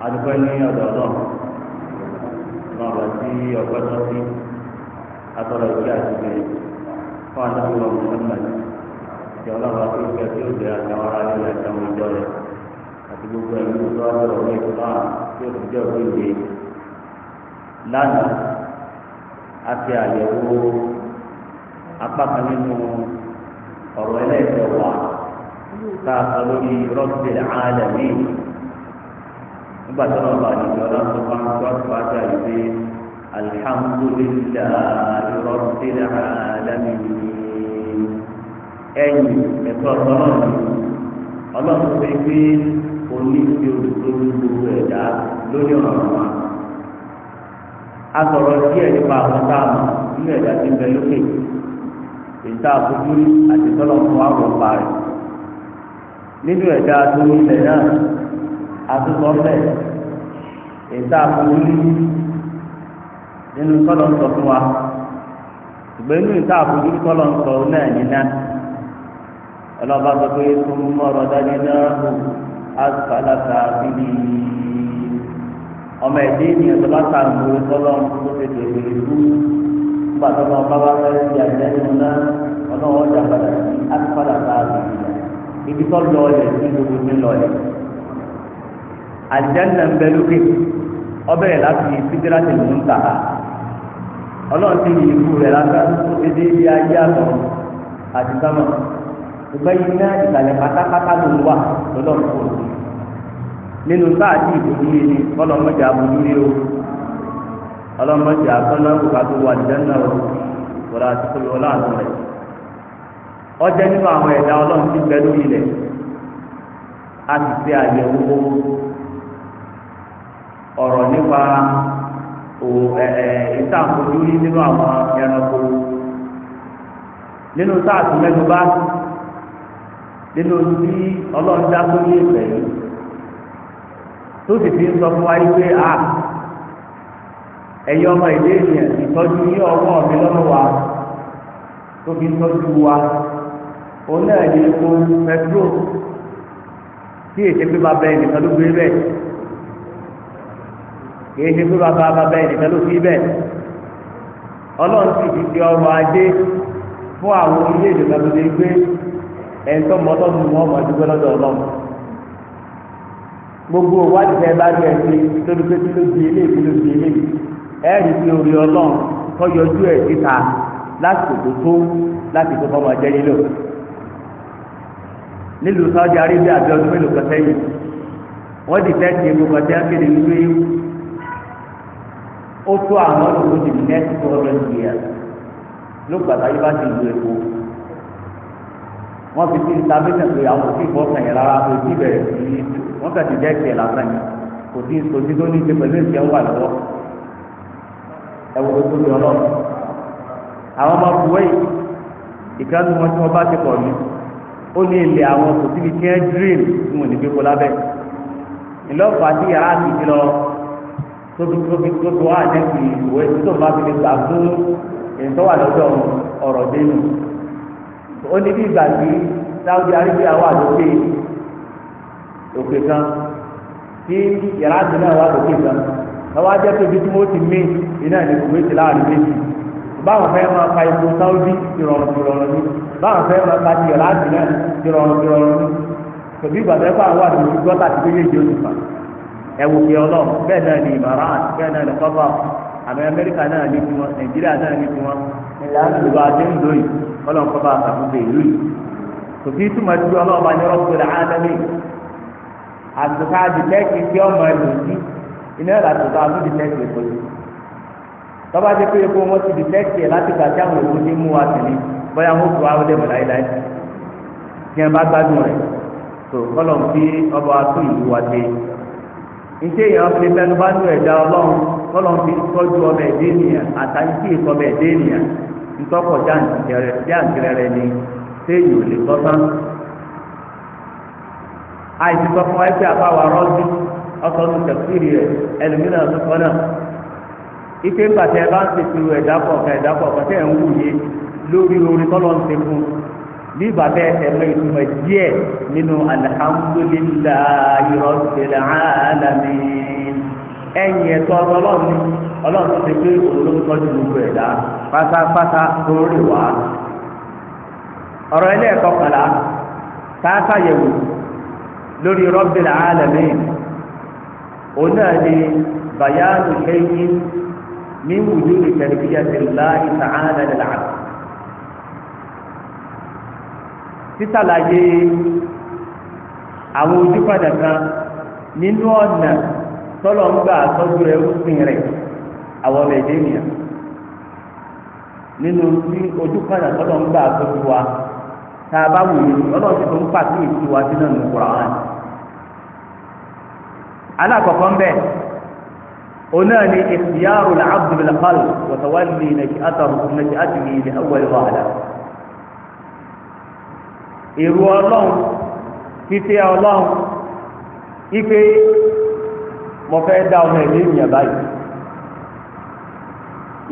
adúpẹ́ ní ọ̀dọ̀ náà náà bá sí ọgbẹ́ tó sí atọ́lọ̀ ìgbé àti ìgbé fún adágúrò Muhammad tí ọlọ́run àti ìgbé tí ó jẹ́ àtàwọn ará ilé àtàwọn ìjọ rẹ̀ àti gbogbo ẹ̀mí tó wá bẹ̀rẹ̀ ọ̀rọ̀ ìfúnná tí ó fi jẹ́ òfin ìwé lánàá a ti àyẹ̀wò apá kan nínú ọ̀rọ̀ ẹlẹ́ẹ̀kẹ́ wà tá a sọ lórí nígbà tó lọ́wọ́ àdìgbò ọlọ́run tó bá ń tó àtúbà dà yìí pé alihamudulilayi rabbil alamin ẹ̀yìn ẹ̀tọ́ ọlọ́run ọlọ́run pé pé oníṣẹ́ olùdókòwò gbogbo ẹ̀dá lórí ọ̀ràn wa asọ̀rọ̀ díẹ̀ nípa àwọn táàmù nínú ẹ̀dá ti bẹ lókè ìta àbójúrí àti tọ́lọ̀ fún àwọn ọ̀pá rẹ̀ nínú ẹ̀dá tó ní ilẹ̀ náà. àtúntò ọ̀fẹ́ ètò àfojúrí nínú sọ́dọ̀ ń sọ fún wa ṣùgbọ́n ìta àfojúrí sọ́dọ̀ ń sọ náà nínú ọlọ́ba sọ pé fún mọ́rọ̀ dání náà kù asfalata bíbí ọmọ ẹ̀dẹ́ ènìyàn tó bá ta ìgboro sọ́dọ̀ tó ṣe nígbà tó bá bá fẹ́ ṣe náà ọlọ́wọ́ padà sí asfalata bíbí ibi tó lọ sí gbogbo mi lọ àjẹ́nà ń bẹ lókè ọbẹ̀ yẹn láti fìdíra ti mú ta ọlọ́run ti ya ikú rẹ̀ lásán ó ti dé ibi ayé àtọ̀ àti sámà ìgbẹ́ yìí ná ìsàlẹ̀ pátápátá ló ń wà lọ́dọ̀ fún nínú sáàtì ìbòjú yìí ni ọlọ́mọdé o ọlọ́mọdé tó wà àti rẹ̀ ọjẹ́ nínú àwọn ẹ̀dá ọlọ́run ti bẹ a ọ̀rọ̀ nípa ìtàkùnjú rí nínú àwọn ẹranko nínú sáàtì mẹ́tọ́bá nínú tí ọlọ́run dá ní ìfẹ́ yìí tó sì fi ń sọ fún a ẹ̀yin ọmọ ìlé ènìyàn ìtọ́jú ní mi wa tó fi tọ́jú wa òun náà ní epo pẹtrol tí èsì pé bàbá ẹnìkan ló gbé kì í ṣe pé bàbá bàbá ẹnìkan ló fi bẹ́ẹ̀ ọlọ́run sì fi di ọrọ̀ ajé fún àwọn orílẹ̀-èdè tó lè gbé ẹ̀ńtọ́ mọ́tọ́mù wọn mọ̀ dúpẹ́ lọ́dọ̀ ọlọ́run gbogbo wádìí fẹ́ bá rí ẹ̀sìn lórí pé kí di eléyìí kí ló di eléyìí ẹ̀rí fi orí ọlọ́run tó yọjú ẹ̀ síta láti tó tó láti tó fọmọ jẹ́ nílò nílùú arábíà bí ọdún mélòó kan ó tó àwọn olùkó ti ní next four hundred years ló gbàgbá yìí bá ti lu epo wọ́n fi sí intervention pé àwọn òfin ìfọ̀sàn yẹn rárá pé bí bẹ̀rẹ̀ sí i wọ́n kàn ti jẹ́ ìṣẹ̀ lásán yìí kò sí kò sí tó ní ṣe pẹ̀lú ìṣẹ̀ wà lọ́wọ́ ẹ̀wọ̀n tó lọ lọ́wọ́ àwọn ọmọ kuwait ìkànnì wọn tí wọ́n bá ti pọ̀ ní ó ní ilé àwọn kò síbi kí ẹ tí wọn ò ní gbé kó lábẹ́ ìlọ́pàá tí yàrá àti ìdílọ́wọ́ tóbi tóbi tóbi wá àdẹ́kù ìwé tí tó bá fi lè gbà fún ìtọ́ wà lọ́dọ̀ ọ̀rọ̀ dénú. ó ní bí ìgbà tí Saudi Arabia wà lókè òkè kan tí yàrá náà wà lókè kan lọ́wọ́ á jẹ́ tóbi tí mo ti mí iná ní kò méjì láàrin méjì. báwọn fẹ́ máa pa ipò Saudi ìrọ̀rùn ìrọ̀rùn ni báwọn fẹ́ máa pa ti yàrá náà ìrọ̀rùn ìrọ̀rùn ni tòbí ìgbà tó ẹ ẹwù fi ọlọ́ọ̀ bẹ́ẹ̀ náà ní Imarat bẹ́ẹ̀ náà ní kọ́fà àmì Amẹ́ríkà náà ní tiwọn Nàìjíríà náà ní tiwọn ìlú àdéhùn lóyè ọlọ́ọ̀ kọ́fà àtàkùnbé lóyè tòbí túmọ̀ tí tọ́ba ti pé epo wọn ti dìtẹ́kì ẹ̀ láti gbàtí àwọn òkú ní mú wa tẹ̀lé bóyá wọn tó àwọn ẹ̀dẹ̀mọ̀ tí bá gbádùn wa ìṣe èèyàn fi fẹnu bá nù ẹ̀dá ọlọ́run tọ́lọ́n fi tọ́jú ọmọ ẹ̀dá ènìyàn àtàyè sí ìkọ́ ọmọ ẹ̀dá ènìyàn ntọ́kọ̀ jáǹtìrẹ rẹ ni téèyàn ò lè tọ́ tán. àìsí sọ fún ẹgbẹ́ àbáwá rọ́ọ̀dù ọkọ̀ ní tẹ̀síìrì rẹ ẹlòmínà ló sọ náà. ike pàtẹ bá ń ṣètò ẹ̀dá kọ̀ọ̀kan ẹ̀dá kọ̀ọ̀kan tẹ̀ ń wúye lórí orin tọ́lọ́n ti fún un bí bàbá ẹ̀mọ ìtumọ̀ díẹ̀ nínú alihamudulilayi rabbil alamin ẹ̀yìn ẹ̀tọ́ ọlọ́run ọlọ́run tó ti gbé olóńtọ́ ju gbogbo ẹ̀dá pátápátá lórí wa. ọ̀rọ̀ ilé ẹ̀kọ́ kọ̀la káàkà yẹ̀wò lórí rabbil alamin òun bayanu ṣẹ́yìn ní wùdú ìtẹ̀lẹ́fíyà tẹ̀lá ìtàn ààlẹ́ lẹ́la àti. sísàlàyé àwọn ojúpadà kan nínú ọ̀nà tọ́lọ̀ ń gbà tọ́jú rẹ̀ rúfin rẹ̀ àwọn ọ̀rẹ́ ìdẹ́nìyà nínú tí ojúpadà tọ́lọ̀ ń gbà tọ́jú wa tá a bá wù ú ọlọ́run tó ń pàṣẹ ìtura sínú ìmúkura wọn. alákọ̀ọ́kọ́ ń bẹ̀ onáà ni ìfìyàrò làbdùlẹ̀ kọ́lù wọ̀tọ̀wálì nàìjíríà tàbí nàìjíríà tìlì ní àwọn ìwà àdá. èrò ọlọ́run fífẹ́ ọlọ́run ipe mo fẹ́ dá ọmọ ẹ̀mí ènìyàn báyìí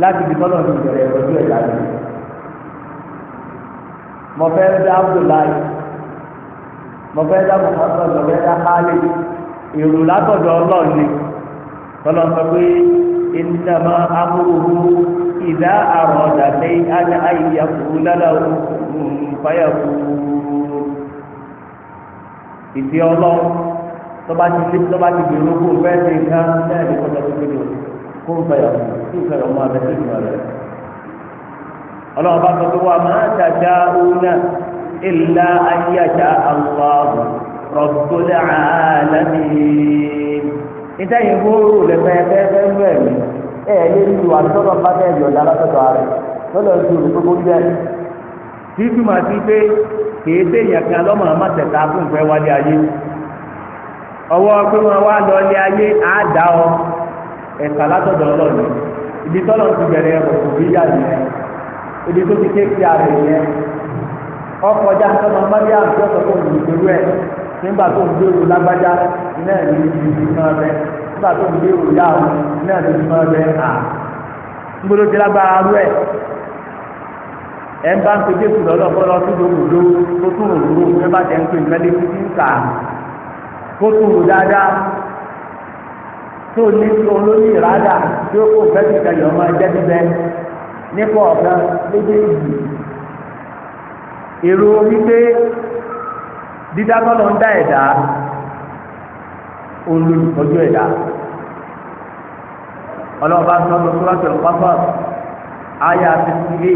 láti ibi tọ́lọ̀ ti bẹ̀rẹ̀ ìrọ̀jú ẹ̀dá mi mo fẹ́ dá Abdullahi mo fẹ́ dá Muhammad mo fẹ́ dá látọ̀dọ̀ ọlọ́run ni sọ pé ìdá ọ̀dà lálẹ́ ìfẹ́ ọlọ́run tọ́ba ti lé tọ́ba ti gbé olóko fẹ́ ṣe nǹkan bẹ́ẹ̀ ni kọ́tà tó gbéni o kó n fẹ̀yà kó n fẹ̀yà ọmọ abẹ́ tó ìgbà rẹ̀ ọlọ́run bá sọ pé wà máa tàjà ọ̀nà ìlà ayé àjà àwọn rọ̀gbọ́lẹ̀ àlámì ìtẹ̀yìn fóró rẹ̀ fẹ́ẹ́fẹ́ fẹ́ẹ́ mi ẹ̀ ẹ́ lé ní ìwà tó bá bẹ́ẹ̀ yọ̀ọ̀dá lọ́sọ̀tọ̀ títí màá ti pé kèé téèyàn kan lọ́mọ àmọ́ tẹ̀ta fún ìfẹ́ wálé ayé ọwọ́ pé wọ́n wá lọ ilé ayé ọ ẹ̀ka látọ̀dọ̀ ibi tọ́lọ̀ ti bẹ̀rẹ̀ ẹ̀rọ bí yà nìyẹn ibi tó ti ké kí ara nìyẹn ọkọjá sọmọ mọ́lẹ́ àti ọ̀sọ̀ tó ń lu ìgbéró ẹ̀ nígbà tó ń gbèrò lágbájá ní ibi nígbà tó ń gbèrò ẹ bá ń pe jésù lọ́lọ́kọ́lọ́ tó ló wù ló tó tún wù ló ẹ bá jẹ́ ń pe mẹ́lẹ́ tí ń kà kó tún wù dáadáa tó ní tó lóní ìrádà tí ó kó fẹ́ kíkà yọ̀ ọmọ ẹgbẹ́ bíbẹ́ nípa ọ̀gá méjèèjì èrò wípé dídákọ́lọ́ ń dá ẹ̀dá olùtọ́jú ẹ̀dá ọlọ́ọ̀bá sọ́dún tó lọ́sọ̀rọ̀ pápá ayé àti sílé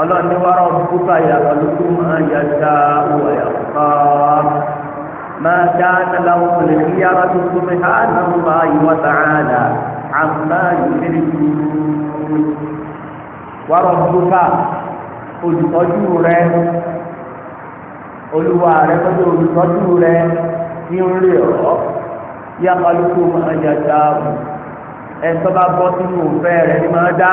ọlọ́ọ̀ni wàrà ọ̀dùkúfà yàtọ̀ lókun àyàtà wọ̀yà kọ́ máa dáná láwọn olè ní yàrá tó tóbi ha náà máa yíwọ́ tààlà àmà ìbéèrè yìí wàrà ọ̀dùkúfà olùtọ́jú rẹ olùwà rẹ tọ́jú olùtọ́jú rẹ ní orí ọ̀ yàtọ̀ lókun àyàtà ẹ̀ńtọ́ bá bọ́ sínú òfẹ́ rẹ ní máa dá.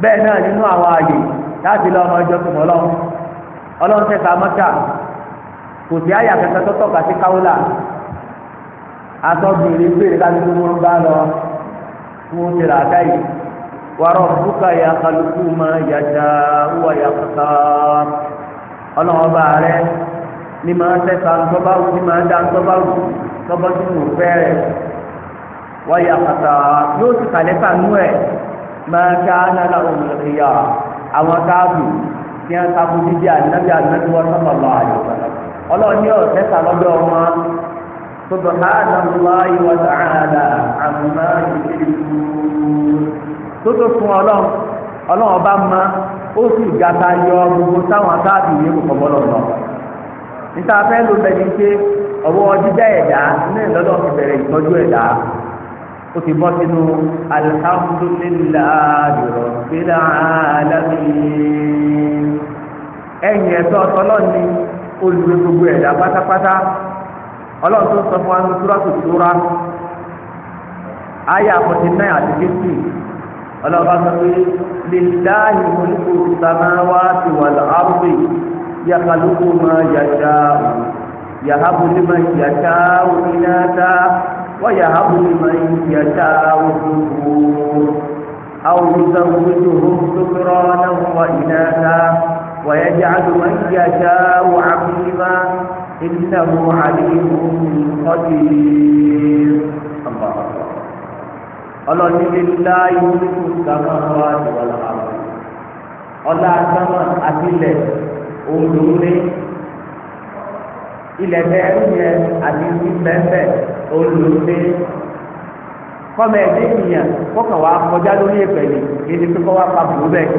bẹ́ẹ̀ náà nínú àwọn ààyè láti lọ ọmọ ìjọ tòmọ́ lọ́wọ́ ọlọ́run tẹ̀sà mọ́tà kò sí àyà kẹsẹ̀ tó tọ́ka sí káwọ́là asọ́bìnrin péré láti tó wọ́n bá lọ tí wọ́n rà á dáyìí wàrọ̀ bùkà yà kálukú mà yà dá wà yà kàtà ọlọ́run bá rẹ ní màá ńtọ́bá wù ní màá dá máa ká nàlá òmìnira ìyá a káàbù tí wọn sábú dídí na ànábì na sọlọ lọ àyè ọlọ́ọ̀ni ọ̀sẹ̀ sàlọ́dọ̀ wọn subhanallahi wa ta'ala àmúmá ìṣèlú to tó fún ọlọ́run ọlọ́run ọba máa ó sì gata yọ gbogbo táwọn káàbù yìí kò kọ́ lọ ó ti bọ́ sínú alihamudulilayi rọ̀bìlà alamin ẹ̀yìn ẹ̀tọ́ ọ̀tọ́lọ́ni olùwé gbogbo ẹ̀dá pátápátá ọlọ́run tó sọ fún wa ní túrọ́tù túra ayé forty nine àti fifty ọlọ́run bá sọ pé lillahi mulku samawati wal ardi yakhluqu ma yasha'u yahabu liman yasha'u inatha. ويهب لمن يشاء الذكور أو يزوجه ذكرانا وإناثا ويجعل من يشاء عقيما إنه عليم قدير الله أكبر ọlọ́ni lílá ìwúlùkù sàmà wà lọ́wọ́ ọlá sàmà ilẹ̀ bẹ́ẹ̀ yẹn àti ibi bẹ́ẹ̀ olùdé kọ́mọ ẹ̀dẹ́ ènìyàn kọ́kàn wá kọjá lórí ìpẹ̀lẹ̀ èdè tó kọ́ wá pa bùrú bẹ́ẹ̀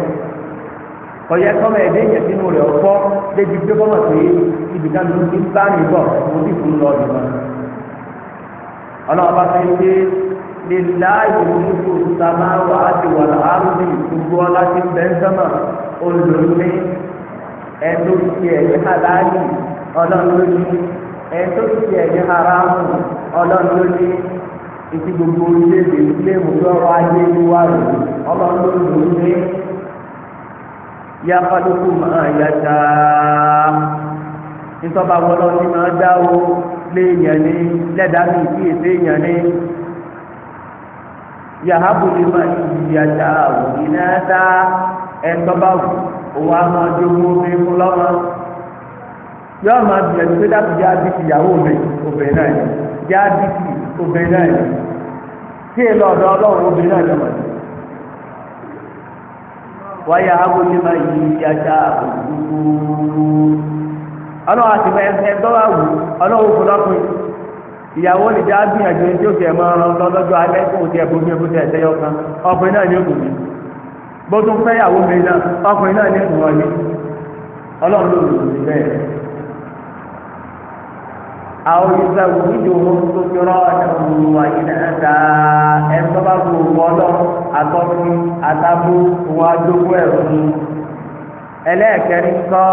kọjá kọ́mọ ẹ̀dẹ́ ènìyàn sínú rẹ̀ ọ̀pọ̀ débi pé kọ́mọ pé ibi ká ló ti bá mi bọ̀ mo sì fún lọ ìmọ̀ ọlọ́wọ́ bá fi ṣe lè láàyè oníkó sàmá wà á ti wà láàrúbí gbogbo ọlá ti bẹ́ńsọ́mà olùdó ọlọ́run ló ní ẹni tó ti ṣe ẹ̀mí haramu ọlọ́run ìtì gbogbo orílẹ̀-èdè ilé ìmúlọ́rọ̀ ayé wà lò ya ló lò ó ní yafadukú máa máa dá o yahabu ma yàtá òdì náà lọ́wọ́. yọọ máa gbìyànjú pé dákun já bí ìyàwó mi obìnrin náà yìí já obìnrin náà yìí èlò ọlọ́run obìnrin náà wáyà máa yí òkúrú ọlọ́run àti wà wù ọlọ́run fún lọ́kùnrin ìyàwó lè já gbìyànjú tí ó fi ẹ̀mọ́ lọ́jọ́ alẹ́ kó o ti ẹ̀bùn bó tún fẹ́ mi náà ọkùnrin náà ní ni ọlọ́run ló أو يزوجهم سكرانا وإناثا ẹnitọ́ba kò wọ́lọ́ atọ́fin atábú wọn adógún ẹ̀rù ni ẹlẹ́ẹ̀kẹ́rin kọ́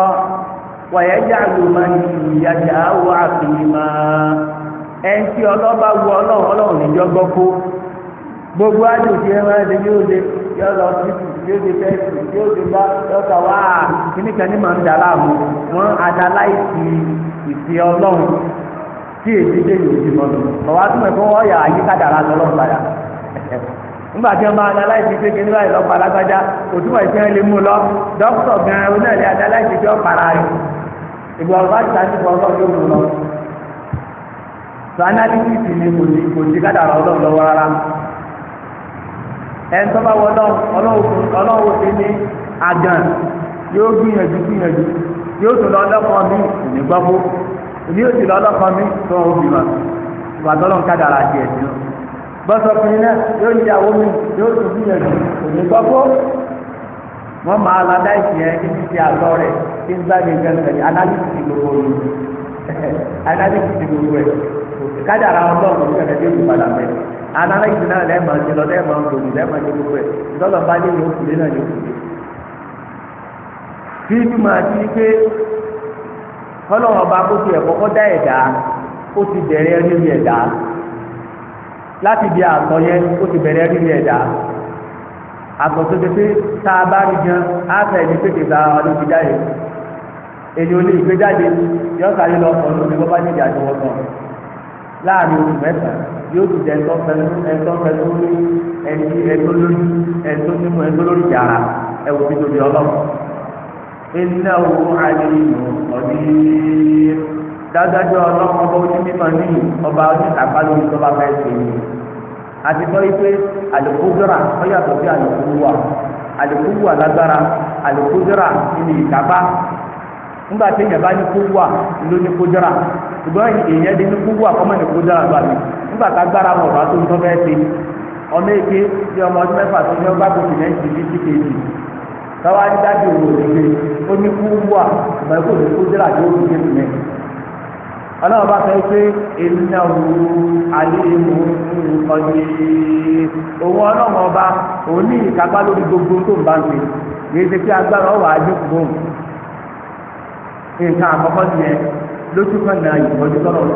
wọ̀nyẹ́jà ló máa ń yíyájà wọ àfihàn ẹnití ọlọ́ba wọ ọlọ́run ọlọ́run níjọ́ gbọ́ kó gbogbo àjòjì yóò yóò lọ yóò yóò bá yóò sọ wá ní màá ń dà láàmú ọlọ́run. tí èyí dé yòó di mọ́nu ọ̀wá tó mẹ́kọ́ wọ́n yà ayé kádàrá lọ́lọ́run padà nígbà tí wọ́n bá analáìsí pé kí níwáyé lọ́pàá alágbájá ìṣẹ́ lè mú lọ dókítà gan ọ̀rọ̀ ta nípa ọlọ́run yóò mú lọ. sọ ni kò sí kò sí kádàrá ọlọ́run lọ́wọ́ rárá. wọ ọlọ́run ti ní àgàn yóò ìbí òsì lọ́lọ́kan mi tó ń bí ma ìgbà tó lọ́n kádàrà di ẹ̀sìn lọ. náà yóò di àwọn mi yóò tún bí ẹ̀sìn òní gbọ́gbọ́. wọ́n máa la dáìsì yẹn kí ti àlọ́ rẹ̀ kí n gbàgbé gẹ́gẹ́ ní analysis gbogbo rẹ̀ analysis gbogbo rẹ̀ kádàrà ọlọ́run kẹ̀kẹ́ tó padà bẹ̀. analysis náà lẹ́ẹ̀mọ̀ ti lọ lẹ́ẹ̀mọ̀ kọ́lọ́wọ́ ọba kó tiẹ̀ kọ́kọ́ dá ẹ̀dá ó ti bẹ̀rẹ̀ rírí ẹ̀dá láti di àtọ̀ yẹn ó ti bẹ̀rẹ̀ rírí ẹ̀dá àtọ̀ tó ti tá a bá rí gan á fẹ́ ẹni pété ta ọdún ti jáde èyí ò lè gbé jáde yóò sáré lọ ọ̀pọ̀ lórí bọ́bá ní ìjà tó wọ́tọ̀ láàrin oṣù mẹ́ta yóò ti jẹ ẹ̀tọ́ pẹ̀lú ẹ̀tọ́ pẹ̀lú ẹ̀tọ́ lórí ẹ̀tọ́ nímú ẹ̀tọ́ lórí yàrá ẹ̀wò bí tóbi ọlọ́run. innahu alimun qadir dájọ́jọ́ ọlọ́run ọba ojú mímọ́ ní ọba ojú àbálò ìjọba fẹ́ ṣe ni àti sọ wípé àlùkùdúrà ó yàtọ̀ sí àlùkùwà àlùkùwà lágbára àlùkùdúrà nínú ìkápá nígbà tí èèyàn bá ní kúwà ló ní kúdúrà ṣùgbọ́n èèyàn dín ní kúwà kọ́mọ̀ ní kúdúrà gbà mí nígbà wọn tó ń tọ́ ṣe ọmọ ọmọ ọdún mẹ́fà tó ń yọ gbàgbọ́ káwá ní dájú òwò òdìgbé ó ní kú wà mọ̀ẹ́kù ní kú dírà tó òdìgbé nìyẹn. ọlọ́run bá sọ pé ìnáwó àléébù ọ̀dì òun ọlọ́run ọba òun ní ìkápá lórí gbogbo tó ń bá ń pè é ṣe pé agbára ọwọ́ àjẹkù bò nǹkan àkọ́kọ́ nìyẹn lójúkọ̀ọ́nà ìmọ̀jú tọ́lọ̀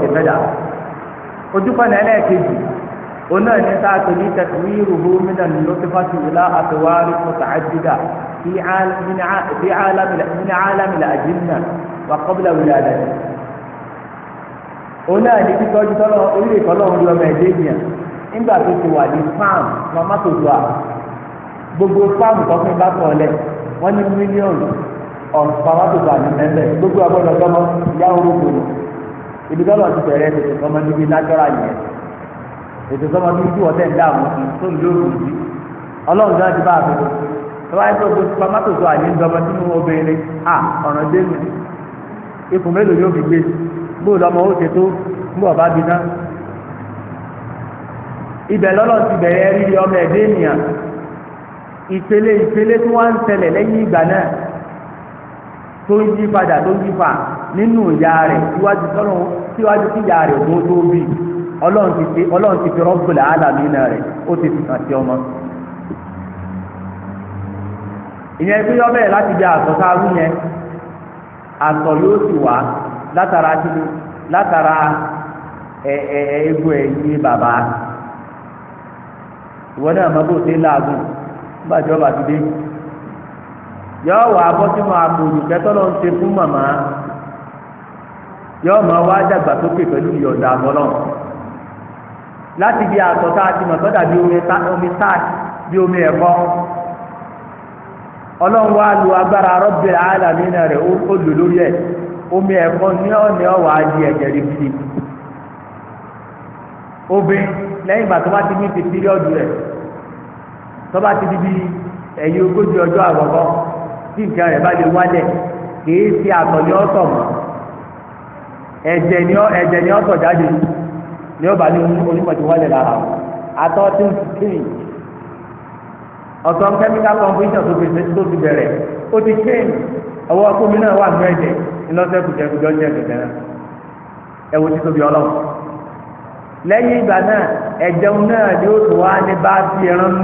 ona ni ta to ni takwiruhu min al-nutfati ila atwar mutaaddida fi alam min fi alam min alam al-ajinna wa qabla wiladati ona ni ti to ju tolo ori ko lo lo me de ni ngba tó ti farm mama to gbogbo farm ko ba ko le ba ni gbogbo abodo tomo ya orogo ibi tolo ti níbi ètò sọmọ bíi tí wọ́n tẹ̀ ń dá àwọn ọmọ tó ń lóògùn sí ọlọ́run náà ti bá a tó tó wáyé tó gbèsè památò tó àyè ń dọmọ sínú obìnrin à ọ̀ràn dénú ikùn mélòó yóò fi gbé bóò lọmọ ó ṣe tó bóò ọba bí ná ibẹ̀ lọ́lọ́ ti bẹ̀rẹ̀ rírí ọmọ ẹ̀dẹ́ ènìyàn ìpele ìpele tí wọ́n ń tẹ̀lẹ̀ lẹ́yìn ìgbà náà tó ń yí padà tó ń yí fà nínú ìyá rẹ̀ síwájú síwájú kí ìyá rẹ̀ ọlọ́run ti fi ọlọ́run ti fi Rabbul Alamin rẹ̀ ó ti fi kàn sí ọmọ. ìyẹn pé yọ bẹ́ẹ̀ láti jẹ àtọ̀tà arú yẹn àtọ̀ yóò sì wá látara kíni látara ẹ ẹ egbò ẹ̀yìn bàbá ìwọ náà mọ bó ṣe láàgùn nígbà tí ọba ti dé yọ wà bọ́ sínú àpòjù kẹtọ́lọ́ ń ṣe fún màmá mọ wá pẹ̀lú ìyọ̀dà láti bí àtọ̀ tá a ti mọ̀ sọ́dà bí omi sáà bí omi ẹ̀kọ́ ọlọ́run wá lu agbára Rabbil Alamin rẹ̀ ó lò lórí ẹ̀ omi ẹ̀kọ́ ní ọ̀nà ọ̀wà di ẹ̀jẹ̀ rí bi lẹ́yìn ìgbà tó bá ti ní ti píríọ̀dù rẹ̀ tó ti di bí ẹ̀yìn ogójì ọjọ́ àkọ́kọ́ tí nǹkan rẹ̀ bá lè wálẹ̀ kì í ṣe àtọ̀ ní ọ̀tọ̀ mọ́ ẹ̀jẹ̀ ní ní ọba ní onímọ̀ tí wọ́n lè lára àtọ́ tí ń kéè ọ̀tọ̀ chemical competition tó fi tó fi bẹ̀rẹ̀ ó ti kéè ọwọ́ kómi náà wà nínú ẹ̀jẹ̀ ńlọ́sẹ̀ kùjẹ́kùjọ́ jẹ́ kẹ̀kẹ́ náà ẹ̀wò tí tóbi ọlọ́run lẹ́yìn ìgbà náà ẹ̀jẹun náà ni ó tó wá ní bá ti ẹran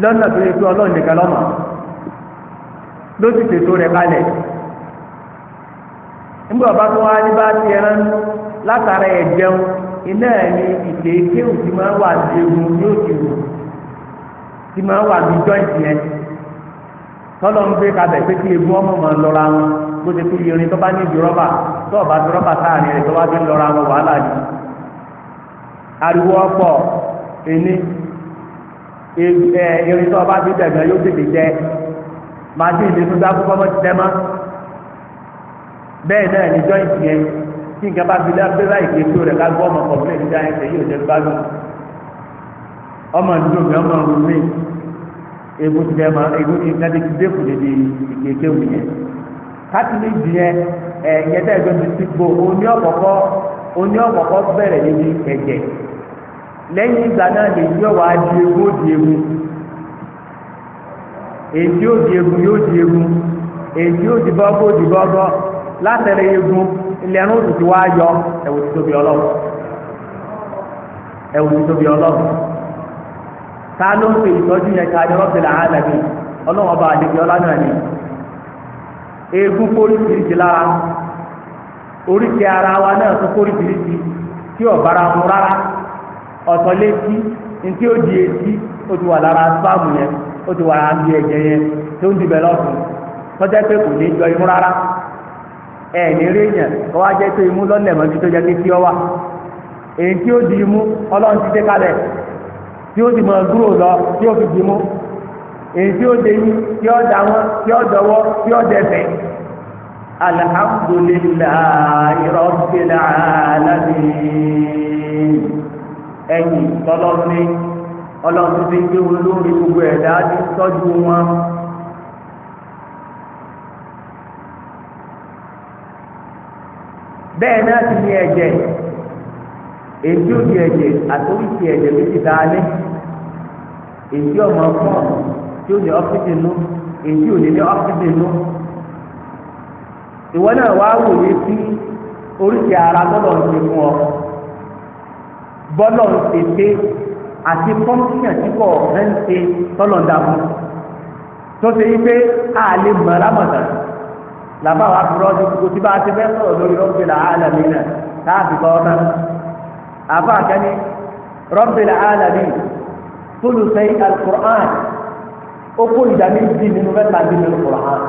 nú lọ́nà tó yẹ kí ọlọ́run nìkan lọ́mọ ló ti tètò rẹ̀ kalẹ̀ nígbà bá tó wá ní bá ti ẹran nú látara ẹ̀jẹun iná ẹ̀ ní ike kéwù tí máa wà ní egun yóò ti wù tí máa wà ní jọ́ìntì yẹn tọ́lọ́ ń gbé kabẹ̀ pé kí egun ọmọ máa lọ́ra wọn bó ti kú irin tó bá ní ìdí rọ́bà tó ọ̀bá ti rọ́bà sáàrin rẹ̀ tó bá ti ń lọ́ra wọn wàhálà yìí ariwo ọ̀pọ̀ ẹni irin tó ọba dẹ̀gbẹ́ yóò tètè jẹ ìdí tó dá ti tẹ́ mọ́ bẹ́ẹ̀ náà yẹn. tí nǹkan bá fi dábẹ́ láì gbé tó rẹ̀ lágbó ọmọ kọ̀ọ̀kan ìdí ayé tẹ̀ yóò jẹ́ gbádùn ọmọ ìdúró mi ọmọ ìlú mi egun ti dẹ́ ma egun ti nàdé ti dẹ́kun lè di ìgbèké wù yẹn káàtì ní ìdíyẹ ẹ yẹn tẹ́ ẹgbẹ́ mi ti gbó oní ọ̀kọ̀kọ́ oní ọ̀kọ̀kọ́ bẹ̀rẹ̀ níbi ẹ̀jẹ̀ lẹ́yìn ìgbà náà lè yí ọ̀wá di egun ó di egun èdè ó di egun yóò di egun èdè ó di bọ́bọ́ ó di bọ́bọ́ látẹ̀lẹ́ egun. ilẹ̀ ẹ̀rún oṣù ti wá yọ ẹ̀wù ti tóbi ọlọ́run ẹ̀wù ti tóbi ọlọ́run ta ló ń ṣe ìtọ́jú yẹn ká ní làá lẹ́bi ọlọ́run ọba àdébí ọlá náà ni eegun kórìtìrìtì lára oríṣi ara wa náà tún kórìtìrìtì tí ọ̀bára mu rárá ọ̀tọ̀ di etí ó ti wà lára spam yẹn ó ti wà lára ẹ̀jẹ̀ yẹn tó ń dibẹ̀ lọ́sùn ẹ̀ẹ̀ni réèyàn kó wá jẹ́ pé imú lọ́lẹ̀ mọ́ tó jẹ́ pé tí ọ wà èyí tí ó di imú ọlọ́run ti dé kalẹ̀ tí ó sì mọ dúró lọ tí ó fi di imú èyí tí ó de yín tí ó da wọn tí ó dọwọ́ tí ó dẹfẹ̀ alhamdulillahi rabbil alamin ẹ̀yìn tọ́lọ́run ní ọlọ́run ti dé olórí gbogbo ẹ̀dá ti tọ́jú wọn. bẹ́ẹ̀ náà ti ní ẹ̀jẹ̀ èdè òdì ẹ̀jẹ̀ àtòwìtì ẹ̀jẹ̀ méjì dání èdè ọmọ pọ̀ tí ó ní ọ́fíìsì nù èdè òdì ní ọ́fíìsì nù ìwọ náà wàá wòye sí oríṣi ara bọ́lọ̀ ń ṣe fún ọ bọ́lọ̀ ń ṣe ṣe àti fọ́nkíyàn tí kò ń ṣe tọ́lọ̀ ń dàbọ̀ tó ṣe yí pé a lè mọ̀ ọ́ lámọ̀tàn làbá wa fi rọ́ọ̀dù kò tí bá ti fẹ́ sọ̀rọ̀ lórí rọ́bìlà alàmì náà káàbì kọ́ ọ́nà àbá àkẹ́ni rọ́bìlà alàmì tólù sẹ́yìn alukur'an ó kó ìdá méjì nínú mẹ́ta nínú alukur'an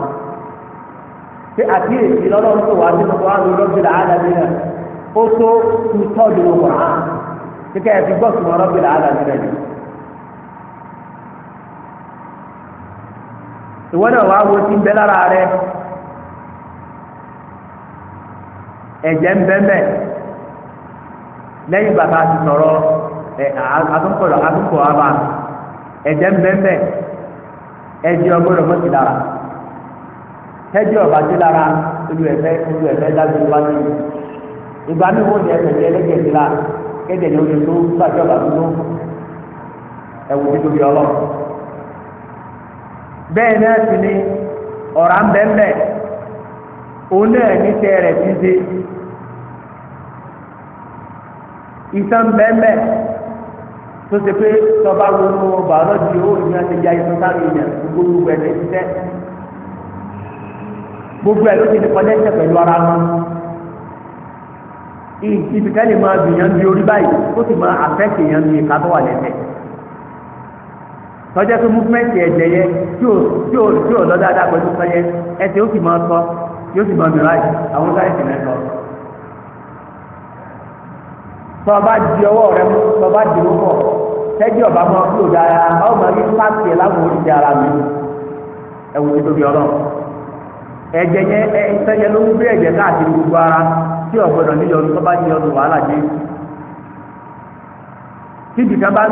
ṣé àkíyèsí lọ́lọ́run tó wà nínú kur'an lórí rọ́bìlà alàmì náà ó tó tu tọ́jú lórí kur'an kíkẹ́ ẹ̀ fi gbọ́ sùnmọ́ rọ́bìlà alàmì náà yìí. náà wàá wo ti ń bẹ ẹ̀jẹ̀ ń bẹ́ẹ̀ bẹ́ẹ̀ lẹ́yìn bàtà ti sọ̀rọ̀ ẹ̀ àtúnkọ̀lọ̀ àtúnkọ̀ àbá ẹ̀jẹ̀ ń bẹ́ẹ̀ bẹ́ẹ̀ ẹ̀jẹ̀ ọgbọ́dọ̀ mọ́ ti lára ọba ti lára olú ẹ̀fẹ́ olú ẹ̀fẹ́ dájú wá sí i ìgbà mi ní ẹlẹ́jẹ̀ la kéde ní oṣù tó ọba tó ẹ̀wù ọlọ́ bẹ́ẹ̀ náà òun náà ní tẹ rẹ̀ ti ṣe ìtàn bẹ́ẹ̀ tó ṣe pé tọba wọnú bàọ́lọ́jì ó ní wọn ti ya ìtàn sáré yẹn gbogbo ẹ̀ lè ṣiṣẹ́ gbogbo ẹ̀ ló ti ní kọ́lẹ́ṣẹ̀ pẹ̀lú ara wọn ibìkan lè máa bìyàn bí orí báyìí ó sì máa àfẹ́kì yẹn bí ìka tó wà lẹ́sẹ̀ tọ́jà tó múfúmẹ́ǹtì ẹ̀jẹ̀ yẹ tí ò lọ dáadáa pẹ̀lú sọ yẹ ẹsẹ̀ ó sì máa sọ yóò sì gbọ́dọ̀ láì àwọn sáyẹ̀sì rẹ sọ. tọ́ ọba di ọwọ́ rẹ mú tọ́ ọba di owó pọ̀ tẹ́jú kúrò dára máa rí pàṣẹ láwọn oríṣi ara mi ẹ̀wù ti tóbi ẹ̀jẹ̀ yẹn gbogbo ara tí ọ̀gbọ́dọ̀ bá wàhálà dé kan bá ń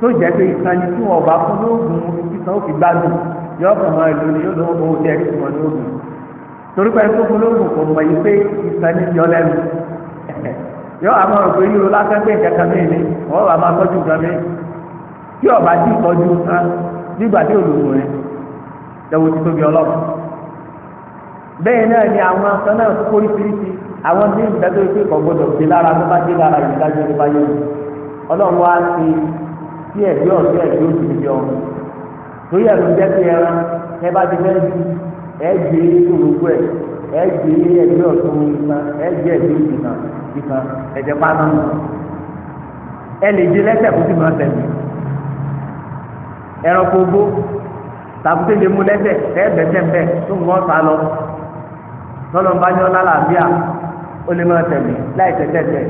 tó jẹ́ pé ìkànnì tí wọ́n bá fún lóògùn ìtàn òfin gbádùn torí pé tó polówó kò mọ̀ yìí pé ìsàn ní yọ lẹ́nu yọ àwọn òpin yìí lásán pé ìkẹta mi ni wọ́n wà máa tọ́jú nǹkan mi tí ọba tí ìtọ́jú kan nígbà tí olùwò lọ́wọ́ ti tóbi ọlọ́run bẹ́ẹ̀ náà ni àwọn náà àwọn ìpè gbọdọ̀ gbé lára tó bá dé lára ìdájọ́ ọlọ́run wá sí sí ẹgbẹ e gbogbo ẹ ẹgbẹ e ẹgbẹ ọtún ìkan ẹgbẹ ẹgbẹ e ìkan ìkan ẹjẹ pátá nù ẹ lè dé lẹsẹ kó sì máa tẹmí ẹranko gbó tàbúté lè mú lẹsẹ ẹgbẹ tẹmbẹ tó ń gbọ́ sá lọ tọlọmọba ní ọlá làbíà ó lè máa tẹmí láì tẹtẹtẹ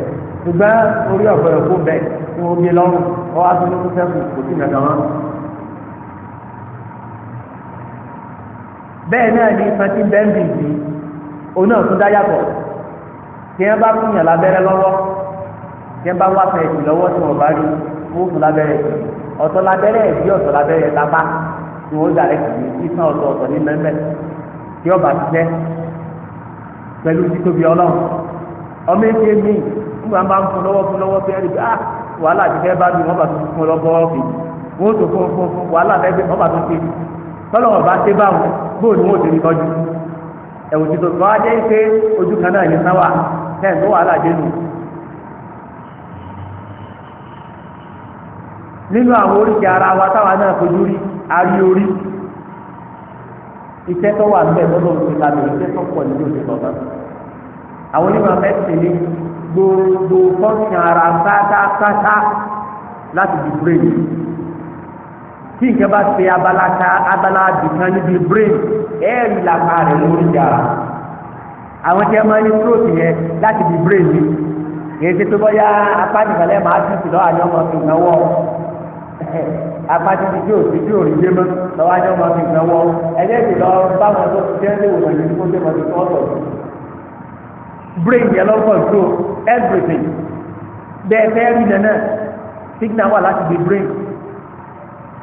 ṣùgbọ́n orí ọ̀gbọ̀n ẹ̀kú bẹ̀ tí wọ́n gbé lọ́rùn ọ wá tó ló kú sẹ́kù kò sí nàgàmọ́. bẹ́ẹ̀ náà ni santi bẹ́ńbìsì òun náà tún dá tí wọ́n bá fún yàn lábẹ́rẹ́ lọ́wọ́ tí wọ́n bá wá fẹ́ ẹ̀sìn lọ́wọ́ tí wọ́n bá rí wọ́n fún lábẹ́rẹ́ ọ̀tọ̀ lábẹ́rẹ́ ẹ̀bí ọ̀tọ̀ lábẹ́rẹ́ lápá tí wọ́n ọ̀tọ̀ ọ̀tọ̀ ní ọba ti pẹ̀lú títóbi ọlọ́run ọmọ tọ́lọ̀ ọ̀bá ṣe bá wọn wọn ti rí tọ́jú ẹ̀wù ti tòtò á jẹ́ pé ojú kan náà ní sáwà tẹ́ẹ̀ tó nù. nínú àwọn ara wa táwa náà fojú rí arí orí iṣẹ́ tó wà bẹ́ẹ̀ lọ́dọ̀ òfin tàbí iṣẹ́ tó pọ̀ nínú òfin tọ̀tọ̀. àwọn gbogbo fọ́ọ̀sì ara pátápátá tí nǹkan bá ṣe abala ka abala dùkan níbi brain ẹ̀ẹ́rì làpá rẹ̀ lórí yàrá àwọn tí a máa ń ní stroke yẹn láti di brain mi èyí tó bọ́yá apá nìkàlẹ́ máa tún sí lọ́wọ́ àjọ máa fi ìnáwó apá ti di tí ò sí tí ò rí yé mọ́ lọ́wọ́ àjọ máa fi ìnáwó ẹ̀jẹ̀ sì lọ báwọn tó ti tẹ́lẹ̀ wò lọ́yìn tó tẹ́ wọn ti tọ́ ọ̀tọ̀ brain yẹn lọ́ control everything bẹ́ẹ̀ fẹ́ẹ́ rí nana signal wà láti di brain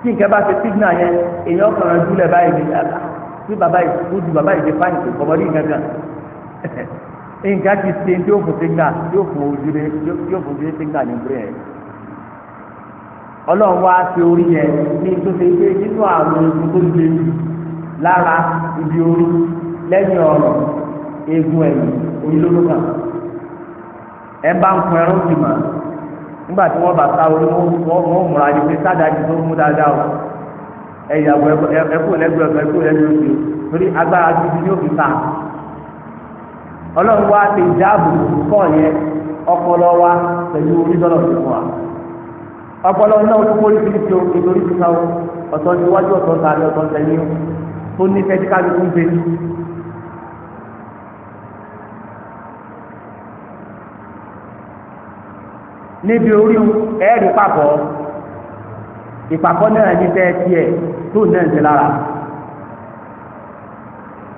tí nǹkan bá ṣe sígínà yẹn èèyàn kàn án júlẹ̀ báyìí ní àlá tí bàbá yìí kú ju bàbá yìí ṣe fáyìn kò kọ́mọ́ ní nǹkan kan nǹkan ti ṣe tí yóò fún sígínà yóò fún ojúre yóò fún ojúre sígínà ní ìbúrẹ́ yẹn ọlọ́run wá fi orí yẹn ní tó ṣe pé nínú àwọn egun tó le lára ibi orí lẹ́yìn ọ̀rọ̀ egun ẹ̀yìn orí lórúkà ẹ bá ń kun ẹrú ti mọ̀ nígbà tí wọ́n bá sá orí wọ́n múra ní pé sáda ti tó mú dáadáa o ẹ̀yàwó ẹ̀kú lẹ́gbẹ̀ẹ́ ẹ̀kú lẹ́gbẹ̀ẹ́ torí agbára gidi ni ta ọlọ́run wá dáàbò kọ́ yẹn ọpọlọ wa pẹ̀lú onídọ́lọ̀ tó fún wa ọpọlọ náà fi ti o nítorí ti ká o ọ̀tọ̀ ni iwájú ọ̀tọ̀ ta ni tẹ̀lé níbi orí ẹ̀ẹ́dì papọ̀ ìpapọ̀ náà ní fẹ́ tiẹ̀ tó náà ti lára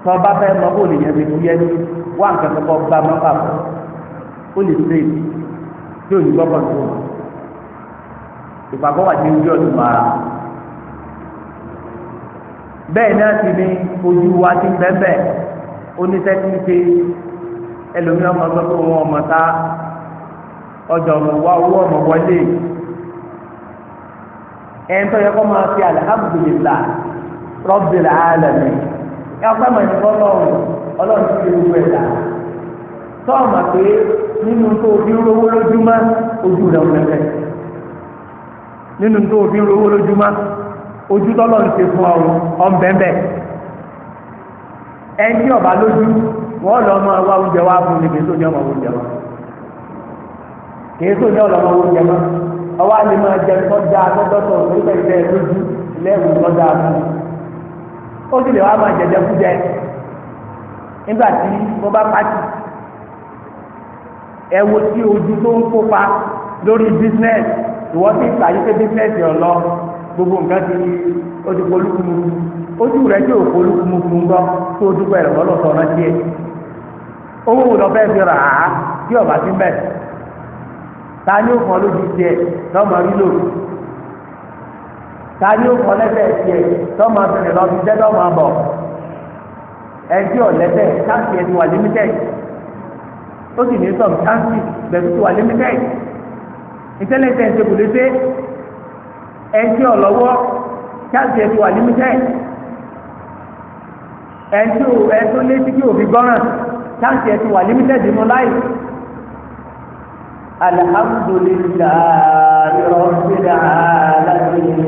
tọ́ bá fẹ́ mọ bóòlù yẹn ti fúyẹ́ ní wá nǹkan tó kọ́ gbá mọ́ papọ̀ ó lè ṣe tí òní gbọ́ pọ̀jù wọn wà ní ojú ọ̀dùn mara bẹ́ẹ̀ náà sì ni ojú wa ti bẹ́ẹ̀ bẹ́ẹ̀ oníṣẹ́ ti ń ṣe ẹlòmíràn ọmọ tó kọ́ wọn ọmọ tá ọjà ọmọ wa owó ọmọ wọlé ẹn yẹ kó máa fi alhamdulillah rabbil alamin ẹgbẹ́ mọ̀ ní bọ́lọ́run ọlọ́run ti fi gbogbo ẹ̀dá tó pé nínú tó o fi ń rówó ojú rẹ̀ ọ̀rẹ́fẹ́ nínú tó o fi ń rówó ojú fún ọba lójú wọ́n máa wá oúnjẹ wá fún mi kìí tó ní ọlọmọ owó jẹ mọ ọwọ àti máa jẹ tọjá tọdọtọ nígbà ìfẹ́ lójú lẹwù tọjá fún ó sì lè wá máa jẹjẹ fún jẹ nígbà tí mo bá pàtì ẹ wo tí ojú tó ń kópa lórí business ìwọ ti ń tàyí pé business yọ lọ gbogbo nǹkan ti ó ti polúkúmu ojú rẹ tí ò polúkúmu fún un gbọ tó o dúpẹ́ rẹ̀ lọ́lọ́sọ̀ọ́ náà tiẹ̀ owó wò lọ fẹ́ fi rà á tí ọ̀bà ti bẹ̀rẹ̀ ta ni ó kọ́ lójú tiẹ̀ lọ́mọ rílò ta ni ó kọ́ lẹ́sẹ̀ tiẹ̀ lọ́mọ abẹ̀rẹ̀ lọ́bi jẹ́ lọ́mọ abọ̀ ẹtí ọ̀lẹ́sẹ̀ táǹkì ẹni wà límítẹ̀ ó sì ní sọ̀m táǹkì bẹ̀rù ti wà límítẹ̀ ìtẹ́lẹ̀sẹ̀ ṣe kò léṣe ẹtí ọ̀lọ́wọ́ táǹkì ẹni wà límítẹ̀ ẹtí ẹtí ó léṣe kí òfin gbọ́ràn táǹkì ẹni wà límítẹ̀ dínú láì alhamdulillahi rabbil alamin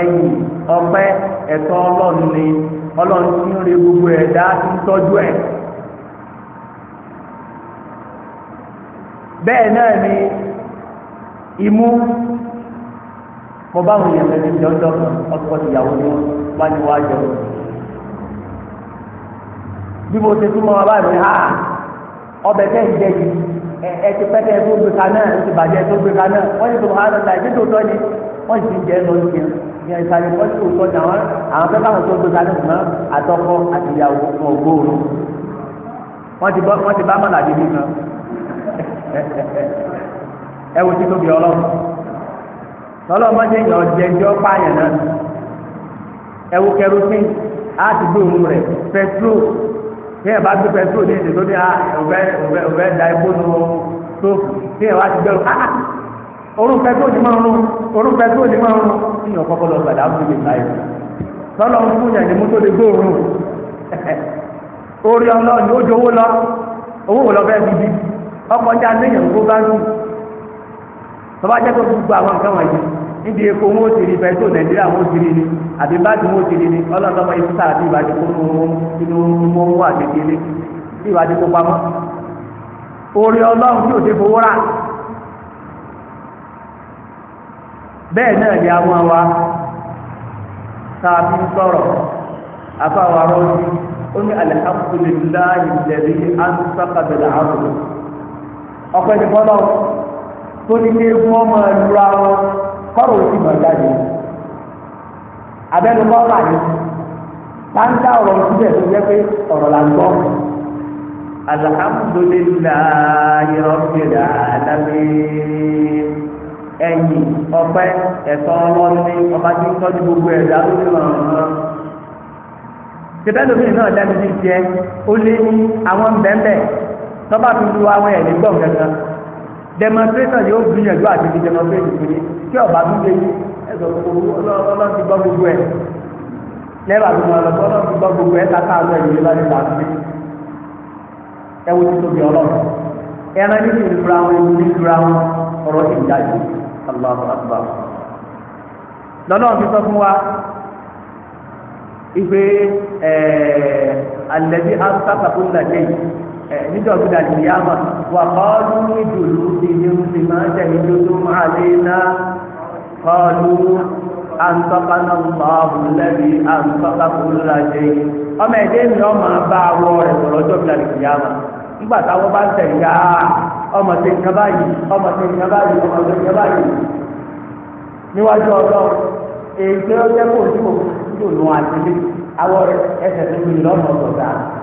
ẹ̀yìn ọpẹ́ ẹ̀tọ́ ọlọ́run ni ọlọ́run ti ń re gbogbo ẹ̀dá tí ń tọ́jú ẹ̀. bẹ́ẹ̀ náà ni imú mo bá wọn yẹn lẹ́nu ìjọ́jọ́ ọkọ̀ ìyàwó ni wọ́n ní wá jẹun. bí mo ṣe túmọ̀ wá báyìí ha ọbẹ̀ tẹ́ ẹ ti pẹ́kẹ́ tó gbé ka náà ti bàjẹ́ tó gbé ka wọ́n ti tó hàn lọ́la ìdí tó tọ́ ni wọ́n ti jẹ́ lọ sí ní ẹ̀ka ni wọ́n ti tọ́ àwọn káwọn tó gbé àtọkọ àti ìyàwó wọn wọ́n ti bọ́ wọ́n ti bá bí kan ẹ wo ti tóbi ọlọ́run jẹ́ ìyàn ìjọ pààyàn náà ẹ wo rẹ̀ tí ẹ bá tó pẹtrol ní èdè tó ní ah, ọbẹ ọbẹ ọbẹ da epo nù tófù tí ẹ bá ti bẹ̀rù ah orun pẹtrol ní máa ń rún orun ní máa ní ọkọkọ lọ gbàdá fún mi báyìí lọ́nà fún yàn ní mú tó lè gbóòórùn orí ni ó jowó lọ owó wò lọ gbó jẹ́ gbogbo àwọn nǹkan wọ̀nyí. níbi eko wọn ó ti rí pẹ̀tó nàìjíríà wọn ó ti rí ni àbí báàgì wọn ó ti rí ni ọlọ́dọ́mọ yìí sísá àti ìbàdí kó nu inú wọn wà kékeré tí ìbàdí kó pamọ́ orí ọlọ́run tí ò ti fowó ni àwọn a fi ń sọ̀rọ̀ àfàwà rọ́ọ̀sì ó ní alihamudulilayi àrùn ọ̀pẹ̀ tó ní kí kọ́rọ̀ òsì mọ̀ jáde abẹ́nu kọ́ wà ní táńtà ọ̀rọ̀ síbẹ̀ tó jẹ́ pé ọ̀rọ̀ là ń gbọ́. alhamdulillahi rabbil alamin ẹ̀yìn ọpẹ́ ẹ̀tọ́ ọlọ́ni ọba tí ń tọ́jú gbogbo ẹ̀dá lórí ọ̀rọ̀ tẹ̀bẹ́lómi náà dẹ́nu ní ó lé ní àwọn bẹ́ẹ̀ bẹ́ẹ̀ tọ́ba fi lu àwọn ẹ̀mí gbọ̀ngàn kan demonstration yóò gbìyànjú àti fi demonstration fún yín kí ọba tún lè yí ẹsọ gbogbo ọlọ́run ti gbọ́ gbogbo ẹ̀ lẹ́wà tó mọ ọlọ́run ọlọ́run ti gbọ́ gbogbo ẹ̀ káká àwọn ẹ̀yìn ló bá lè wàá gbé ẹ wo ti tóbi ọlọ́run ẹran ní ti ìdúrà wọn ewu ní ìdúrà wọn ọ̀rọ̀ ti ń jáde Allahu Akbar lọ́lọ́run ti sọ fún wa ìgbé ẹ̀ẹ́ alẹ́ bí asásàkó ńlá lẹ́yìn. níjọ́ tó dàbí ìyáàmà wà kọ́ọ́lù ìdùnnú ìdí oṣù máa ń tẹ̀lé lójú máa lé ná kọ́ọ́lù àǹtọ́kánná lọ́ọ̀bù lẹ́bi àǹtọ́kákùnrin lájẹ́ yìí ọmọ ẹ̀dẹ́ mi ọmọ bá awọ rẹ̀ sọ̀rọ̀ ọjọ́ nígbà táwọn bá ń tẹ̀lé yá ọmọ tẹ̀ ọmọ tẹ̀ ọmọ tẹ̀ níwájú tó tó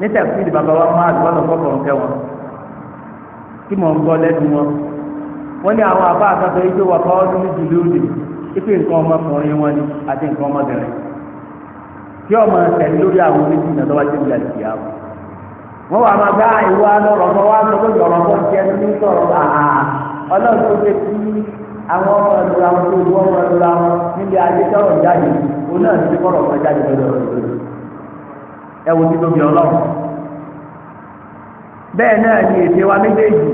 níta fíìlì bàbá wa máa lọ lọ fọkàn kẹ wọn tí mò ń gbọ́ lẹ́nu wọn wọn ní àwọn àbá àkàtọ yìí tó wà kọ ọdún méjì lóde ipe nǹkan ọmọkùnrin wọn ni àti nǹkan ọmọbìnrin ọmọ lórí àwọn méjì náà lọ́wọ́ ìyá wọn. wà máa ní àhà tó àwọn ọmọ ẹ wo títóbi ọlọ́run bẹ́ẹ̀ náà ni èdè wa méjèèjì